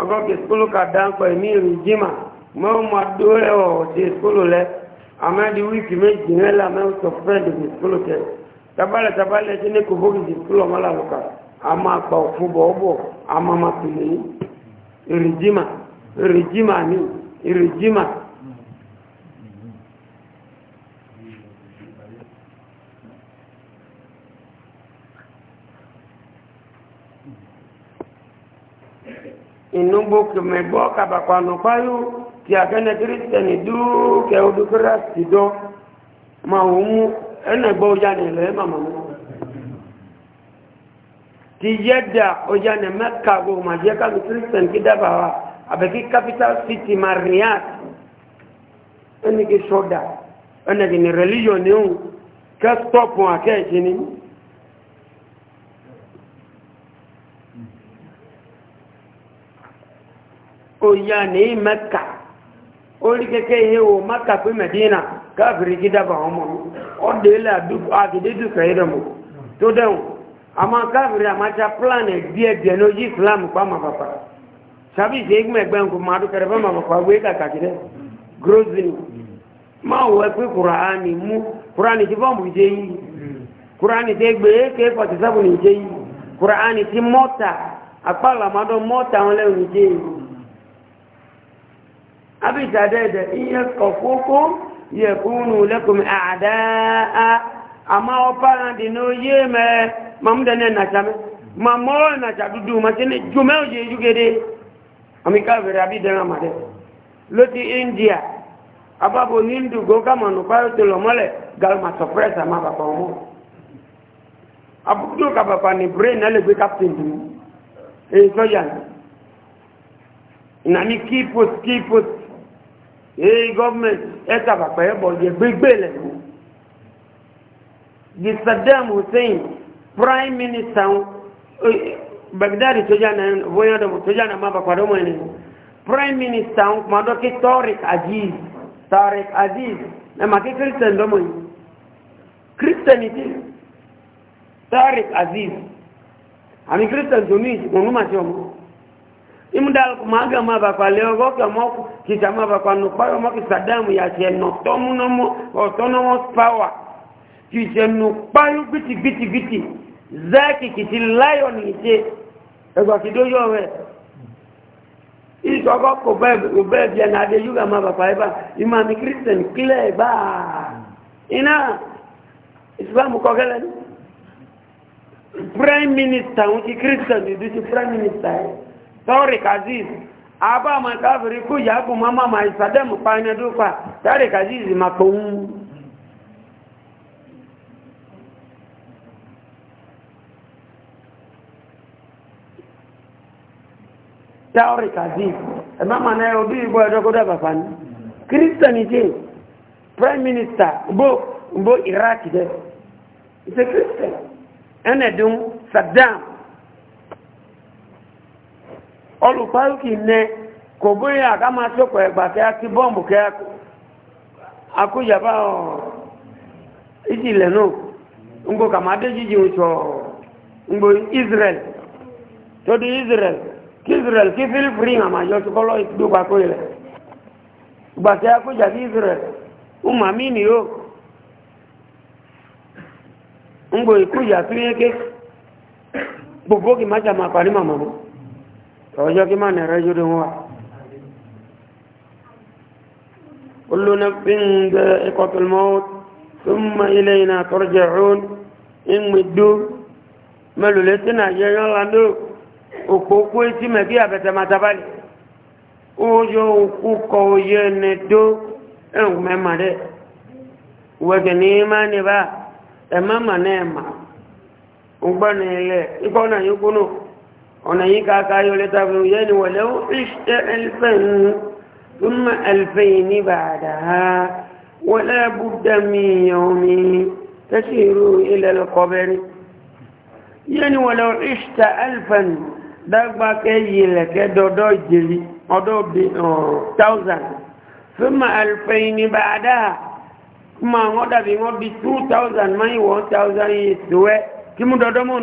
ọgọ́ kìí ka kàdá mkpa pẹ̀ ní ìrìn ma. mọ́ ma dó ẹ ọ̀ dé skólo lẹ amẹ́di wíìkì méjì rẹ la mẹ́ sọ fẹ́ẹ̀dì dé skólo tẹ tabalẹ̀ tabalẹ̀ tí ní kòbókì dé skólo ọmọ la lùkà a máa pa òfin bọ̀ ọ́bọ̀ a máa ma pèlè yín ìrìjìmà ìrìjìmà ni ìrìjìmà. inú gbókè mẹ́gbọ́ kàbàkọ̀ ànùpáyò ti akẹ́nẹ́ kírísítẹ̀nì dúkẹ́ odú kírísítì dọ́ ma ò mú ẹnẹ̀gbọ́ ojánì ilẹ̀ màmà mú ti yẹ́dà ojánì mẹ́ka gbò ma jẹ́ kábi kírísítẹ̀nì kí dábà wa àbẹ̀kí capital city ma riyad ẹni kí sọ́dà ẹni kí ni religion ni orí ihe o maka pé medina káfìrí gídàbà ọmọ ọdẹ ilẹ̀ àgìdídùkẹ́ ìdọ̀mọ̀ tó dẹ̀wọ̀n àmọ́ káfìrí àmájá plan ẹ̀gbẹ́ ní ojú islam pàmà pàpà sàbí ìṣe ìgbìmọ̀ ẹgbẹ́ nǹkan máa dúkẹrẹ pàmà pàpà wé kàkàkì dẹ́ grozin máa wọ ẹ pé mú kùránì tí bọ́ọ̀mù ìṣe yìí kùránì gbé forty seven yìí mọ́ta àpá mọ́ta wọn lẹ́nu yìí abijadede ihe ọkwụkwụ yekunu lekum a ama ọpara dị n'oye mee ma m na nacha me ma mọọ nacha dudu ma sị jume oye jugede amika vere ma made loti india ababo nindu go kama nukwayo tolo mole galma sọpresa ma papa ọmọ abudu ka papa ni brain alegbe captain tu e sọja na mi key post èyí gọ́ọ̀mẹ̀ntì ẹ̀ka bàbá ẹ̀ bọ̀ yẹ gbégbé lẹ̀ mọ́ di saddam hussein prime minister eh, bagdadi tó jà náà bóyá dọ̀bù tó jà náà má bàbá dọ́mọ̀ ẹni prime minister kuma dọ́kí tariq aziz tariq aziz ẹ̀ mà kí christian dọ́mọ̀ yìí christianity tariq aziz àmì christian tó ní ìsìnkú ọ̀nùmọ̀ àti ọ̀mọ̀ imdal kumaga mabakwa leo mo kisha mabakwa nupayo mo kisha damu ya cheno tomu nomo autonomous power kisha nupayo biti biti biti zaki kiti lion ite ego kidoyo we iso go ko be be bia na de yuga mabakwa eba imam christian kile ba ina islam ko gele prime minister unki christian du prime minister tọ́rì kaziz abá ma káfìrí kú yàgùn mọ́mọ́ ma ìsàdẹ́mù pàánẹ́dúkwà tọ́rì kaziz ma kò ń tọ́rì kaziz ẹ̀má ma náà ojú ìgbọ́ ẹ̀dọ́kọ́dọ́ bàbá ní kírísítẹ̀nì jẹ́ prime minister gbó gbó iraq dẹ́ ìṣe kírísítẹ̀nì ẹnẹ̀dún saddam olùpáríkì ní kò bóyá àkámá sókò ẹgbà kẹ́ á ti bọ́ǹbù kẹ́ akójàbá ìjìnlẹ̀ náà ngbò kàmádé jíjì oṣù ngbò israel tó di israel kí israel kí feel free àmàjọ tó kọ́lọ́ ìdúgba kó ilẹ̀ gbàtẹ́ akójà sí israel umami ni yóò ngbò ìkójà tó yẹ ké gbogbo kì má jà má parí màmá mọ́ ọjọ́ kí máa nẹ̀rẹ́ jù wọn olùnàfin gẹ ikọ̀tùlmọ́ tó ń mọ ilé iná tọ́rọjẹ̀ rún ìmìdó mẹ́lùlẹ́ tí nàìjíríà lánàá òkú òkú etí mẹ́bí àbẹ̀tẹ̀mátabálì oyo òkú kọ oyé ẹni dó ẹ̀rùn mẹ́ma dẹ̀ wẹ̀gẹ̀ ní má ní bá ẹ̀má mà náà mà ń gbọ́ ní ilẹ̀ ọ̀nà yìí káàkà yóò lè tàbí yẹ́ ni wọ̀lẹ́ ó ṣe ẹlfẹ́yìn túnmọ̀ ẹlfẹ́yìn ní bàdà ha wọlé búdá mi yọmi tẹ́sí irú ilẹ̀ lọ́kọ́bẹ̀rẹ̀ yẹ́ ni wọ̀lẹ́ ó ṣe ẹlfẹ́yìn dágbà kẹ́yì dọ́dọ́ ìjèlì ọdọ́ bí thousand túnmọ̀ ẹlfẹ́yìn ní bàdà kuma ŋɔ dabi two thousand mayi one thousand yi towɛ kimu dɔdɔmɔ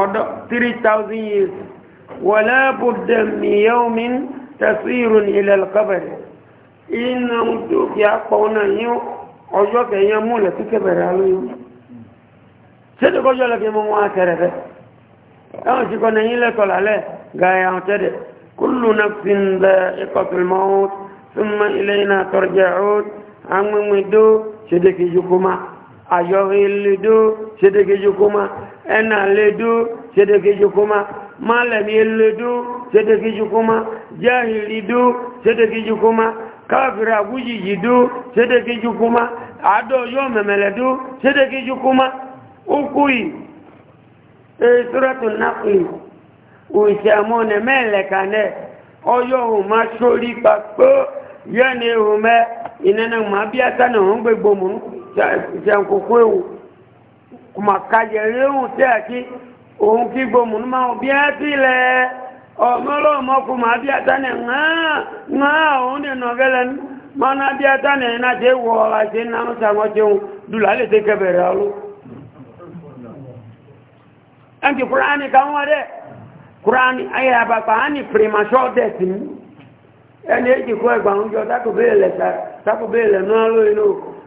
ọdọ three thousand years wọlé buddha miyomin tasirun ilẹ̀ lọ́kọ́bẹ̀rẹ̀ iná tó kí a pọ̀ náà yí ọjọ́ kẹyàn múlẹ̀ tó kẹbẹ̀rẹ̀ alóyún ṣéde kọjọ́ lọ́kẹ́ mọ́ wọn kẹrẹ̀ rẹ̀ ẹ̀wọ̀n tí kọ́ náà yín lẹ́tọ̀ lálẹ́ gàyà àwọn ayọ̀rẹ́ lédó ṣédékejì kọ́má ẹ̀nà lédó ṣédékejì kọ́má málẹ̀mí lédó ṣédékejì kọ́má jẹ́rìn lédó ṣédékejì kọ́má káfíìrì àgújìjì dó ṣédékejì kọ́má àádọ́yọ́ mẹ̀mẹ̀lẹ̀ dó ṣédékejì kọ́má ókú yìí e, ètòrọ́tò nápìlì òṣèmọ́nẹ̀ mẹ́lẹ̀kanẹ́ ọyọ́ òun máa sórí papọ̀ yẹ́ni òun mẹ́ ìnẹ́nà màá bí ṣẹ̀ǹkó kó ewu kuma kájẹ̀ réwù tẹ́ àti òun kí gbòmù ma máa bí bí àtànẹ̀ ńlá òun ní nọ̀gẹ́lẹ̀ mọ́nà bí àtànẹ̀ wọ náà sàmọ́ jẹun dùlà lè tẹ́ kẹbẹ̀rẹ̀ ọlú ẹnkì kúránì kan wọ́n dẹ̀ ayé ní kó jọ náà lóyún náà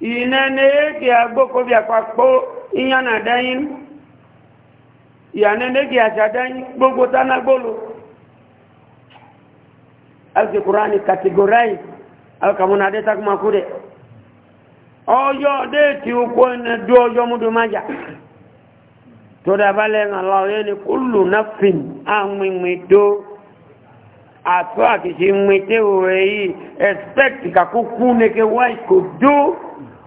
iná ní èkì agbókòbí àpapọ̀ ìyànà dáyín ìyànà èkì àṣàdáyín gbogbo tánágbólo alìsìkúránì kàtìgóráì alìkàmúnà adétakùnmakú rẹ̀ ọjọ́ déètì ukú ẹni dú ọjọ́ múdùmájà tó dábálẹ̀ aláwọ̀yẹ́ ni kúlù náfìn àmìmìdó àtọ́ àkìsí mìtẹ́ òwe yìí expect kàkúkú neke wáìkò dúó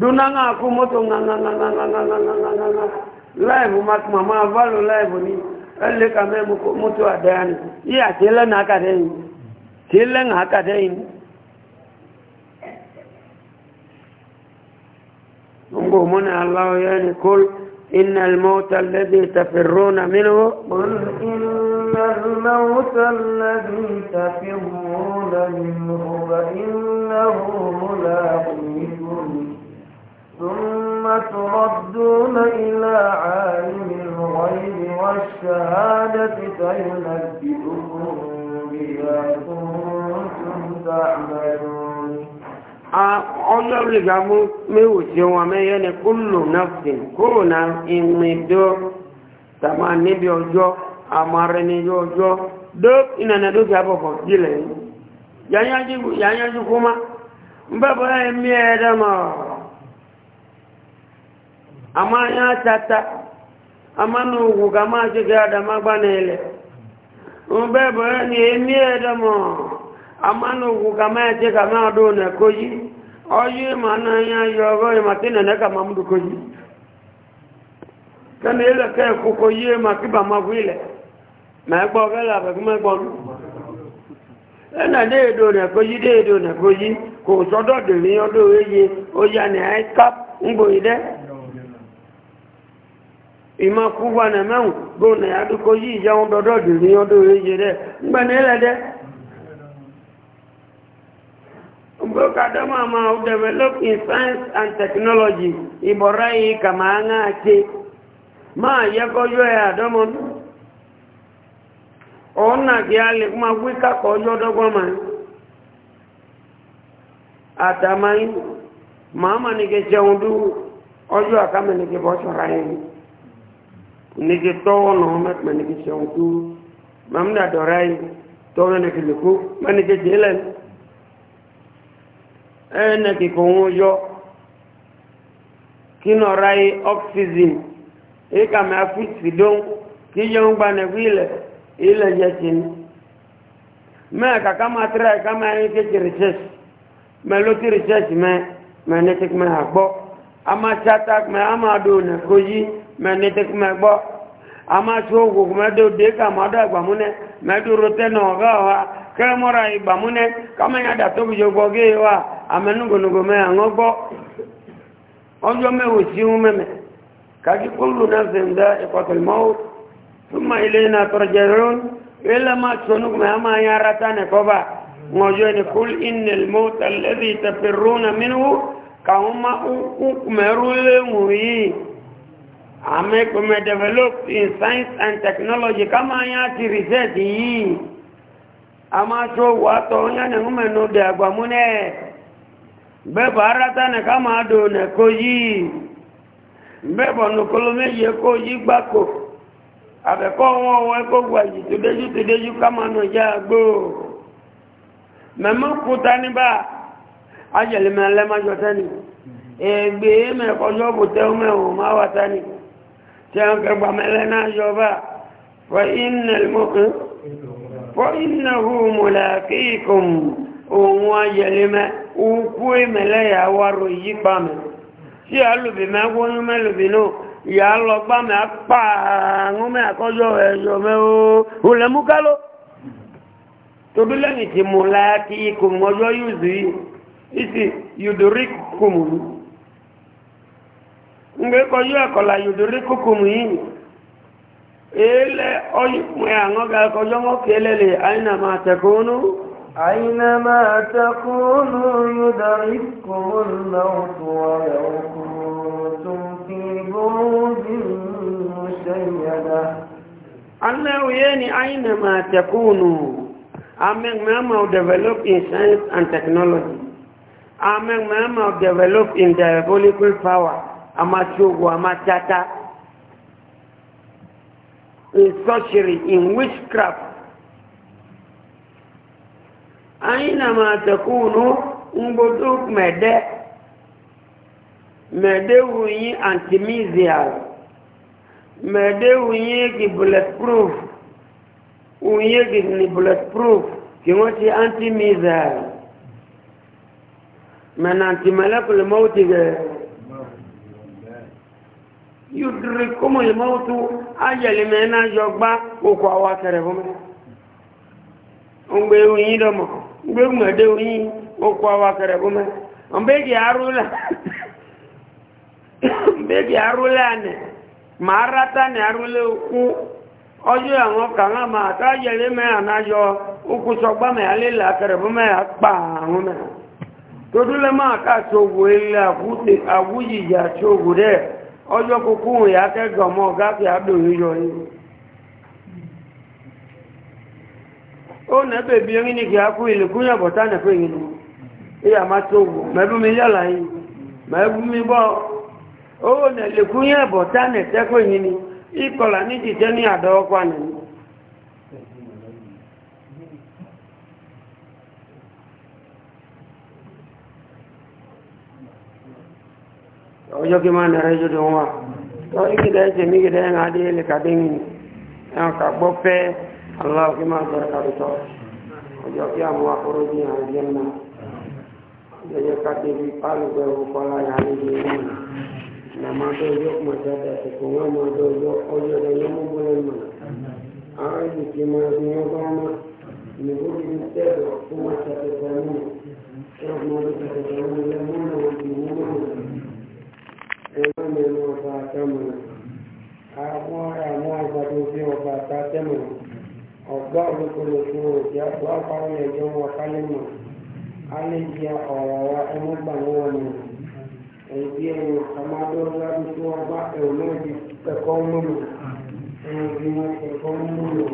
dunanga aku moto nganga nganga nganga nganga nganga live mak mama valo live ni elle kame muko moto adani ya tele na kadeni tele nga kadeni ngo mona allah yani kul إن الموت الذي تفرون منه قل إن الموت الذي تفرون منه فإنه ملاقيكم ثم تردون إلى عالم الغيب والشهادة فينبئكم بما كنتم تعملون ọlọ́run lè gbàgbó méwò tí wọn mẹ́yẹ́ ni kó náà kúrò náà ìmìdó tàbí níbi ọjọ́ ọjọ́ ìnànà jílẹ̀ yìí yányájú má ń bẹ́bọ̀ ẹ̀mí ama ya achata ama na ugwu ga ma ajụghị adamagba na-ele mgbe bụ na emi edem ama na ugwu ga ma eje ga ma adụ na ekoji oyi ma na anya yi ọgọ ma ti nene ka ma mdu koji kana ile ka ekuko yi ma kiba ma gwile ma egbo gela ba kuma egbo nu ena de do na koji de do na koji ko sodo de ni odo eye o ya ni i cap ngbo ide ìmọ̀ kúgbà nà mẹ́hùn ya àdúkò dị ìjáun ọdụ ní ọdún oríje rẹ̀ ngbẹ̀ni ẹlẹ́dẹ́ ma máa develop science and technology ìbọ̀rá yìí kà máa ń àti máa yẹ́kọ́jọ́ ẹ̀ àdọ́mọ́ ọ̀nà kí a lè máa gbé kàkọ́ ọjọ́ ma nege tɔwɔ nɔ mɛ tuma nege sɛŋ tu mamu na dɔra yi tɔwɔ nege le ko mɛ nege dze lɛ ɛɛ nege ko ŋu yɔ kinɔra yi ɔksizin eyi kame afi si don kiyɔn gba negu yi lɛ yi lɛ yɛ tsin mɛ kaka ma tra yi kama yi ke tsi research mɛ loti research mɛ mɛ ne te mɛ agbɔ ama tsata mɛ ama do ne ko yi mẹni tẹ kúmẹ gbọ ama tí o gògùn mẹdó dé ká mọdó àgbàmúnẹ mẹdó rotẹ nà ọgá wa kẹrẹmọra ìgbàmúnẹ kámẹyà dàtóbi jọ gbọ gé e wa amẹnugonogo mẹ àwọn gbọ ọjọ mẹwò síhun mẹmẹ kàkí kúlù náà sèǹda ìkọtìlmọwò túmọ ilé iná tọrọjẹ rún ilé máa tónú mẹ àmà yẹn arata nìkọba ŋọjọ ni kúlù ìnìlmọ tẹlẹbi tẹpẹrún na mínú kàwọn máa kú mẹrún léwu yìí. ame kume develop in science and technology kama ti research yìí ama so wato nyane ngume no de agbamune be barata ne kama do ne koji be bonu kulume ye koji gbako abe ko won won ko gwa yi to deju to deju kama no ja gbo memo kutani ba ajele me le ma jotani egbe me kojo bo te o me o e ma watani تانك بملنا جوبا وإن المؤمن وإنه ملاقيكم ومواجلما وكوي ملايا وروي بام tí a lòbì máa gbóyún mẹ́lòbì náà ìyá lọ gbá mẹ́ apá àwọn mẹ́ àkọ́jọ́ ẹ̀yọ mẹ́ o mgbe kọjú ẹ̀kọ́lá yòdòrí kókò mú yìí ilẹ̀ ọ̀yìnmọ̀ àwọn ọ̀gá kọjú ọmọ kẹlẹ̀lẹ̀ àìnà máa tẹ̀kọ́nú àìnà máa tẹ̀kọ́nú yòdòrí kókò lọ́wọ́ Amen Mama of develop in science and technology. Amen Mama of develop in diabolical power amachogo amatata in sorcery in witchcraft أينما تكونوا مبدوك مدى مدى وي أنتميزيال مدى وي بلت بروف وي بلت بروف كيموتي أنتميزيال من أنتي ملك الموت جه. yudrikumu lmautu ajali mena yogba oko awakere bo ngbe uyin do mo ngbe ngade uyin oko awakere bo me ngbe ki arula ngbe ki arula ne marata ne arule ku ojo awon na, ma ta yele me anayo uku sogba me ale la kere bo me apa awon me todule ma ka sowo ile akute awuyi ya sowo de ọjọ́ kúkú ìyá kẹ́gàn mọ́ gáàkì àdòrí yọ yìí ó nẹ́bẹ̀ bí orí ní kí a kú ìlẹ̀kú yàbọ̀ yìí ni ìyà máa tó wù mẹ́bú mi yàlá yìí mẹ́bú mi bọ́ ó ìkọlà ní ní ojo ki ma na rejo do wa to iki da je mi gida na de le ka din na ka bo pe allah ki ma dar ka to ojo ki am wa ko ji ha jen na je ka de bi pal go ko pala ya ni ji na ma do yo ma da da ko ma ma do yo ojo da yo mo bo le ma a ni ki ma ni yo ko ma ni bo ni te do ko ma ta te ẹgbẹ́ mẹ́nu ọba àtẹ́mùnà àwọn àwọn àgbàdo bí ọba àtẹ́mùnà ọgbà olókolòkò òjá tó àpáwọn ẹjọ́ wọn kálẹ̀ mọ̀ alẹ́jẹ́ ọ̀rọ̀ wa ẹmọ́gbà wọn ni ẹ̀bí ẹ̀rọ àmàdọ́gbàdì tí wọ́n bá ẹ̀rọ náà di ẹ̀kọ́ múlò ẹ̀rọ bí wọ́n ẹ̀kọ́ múlò.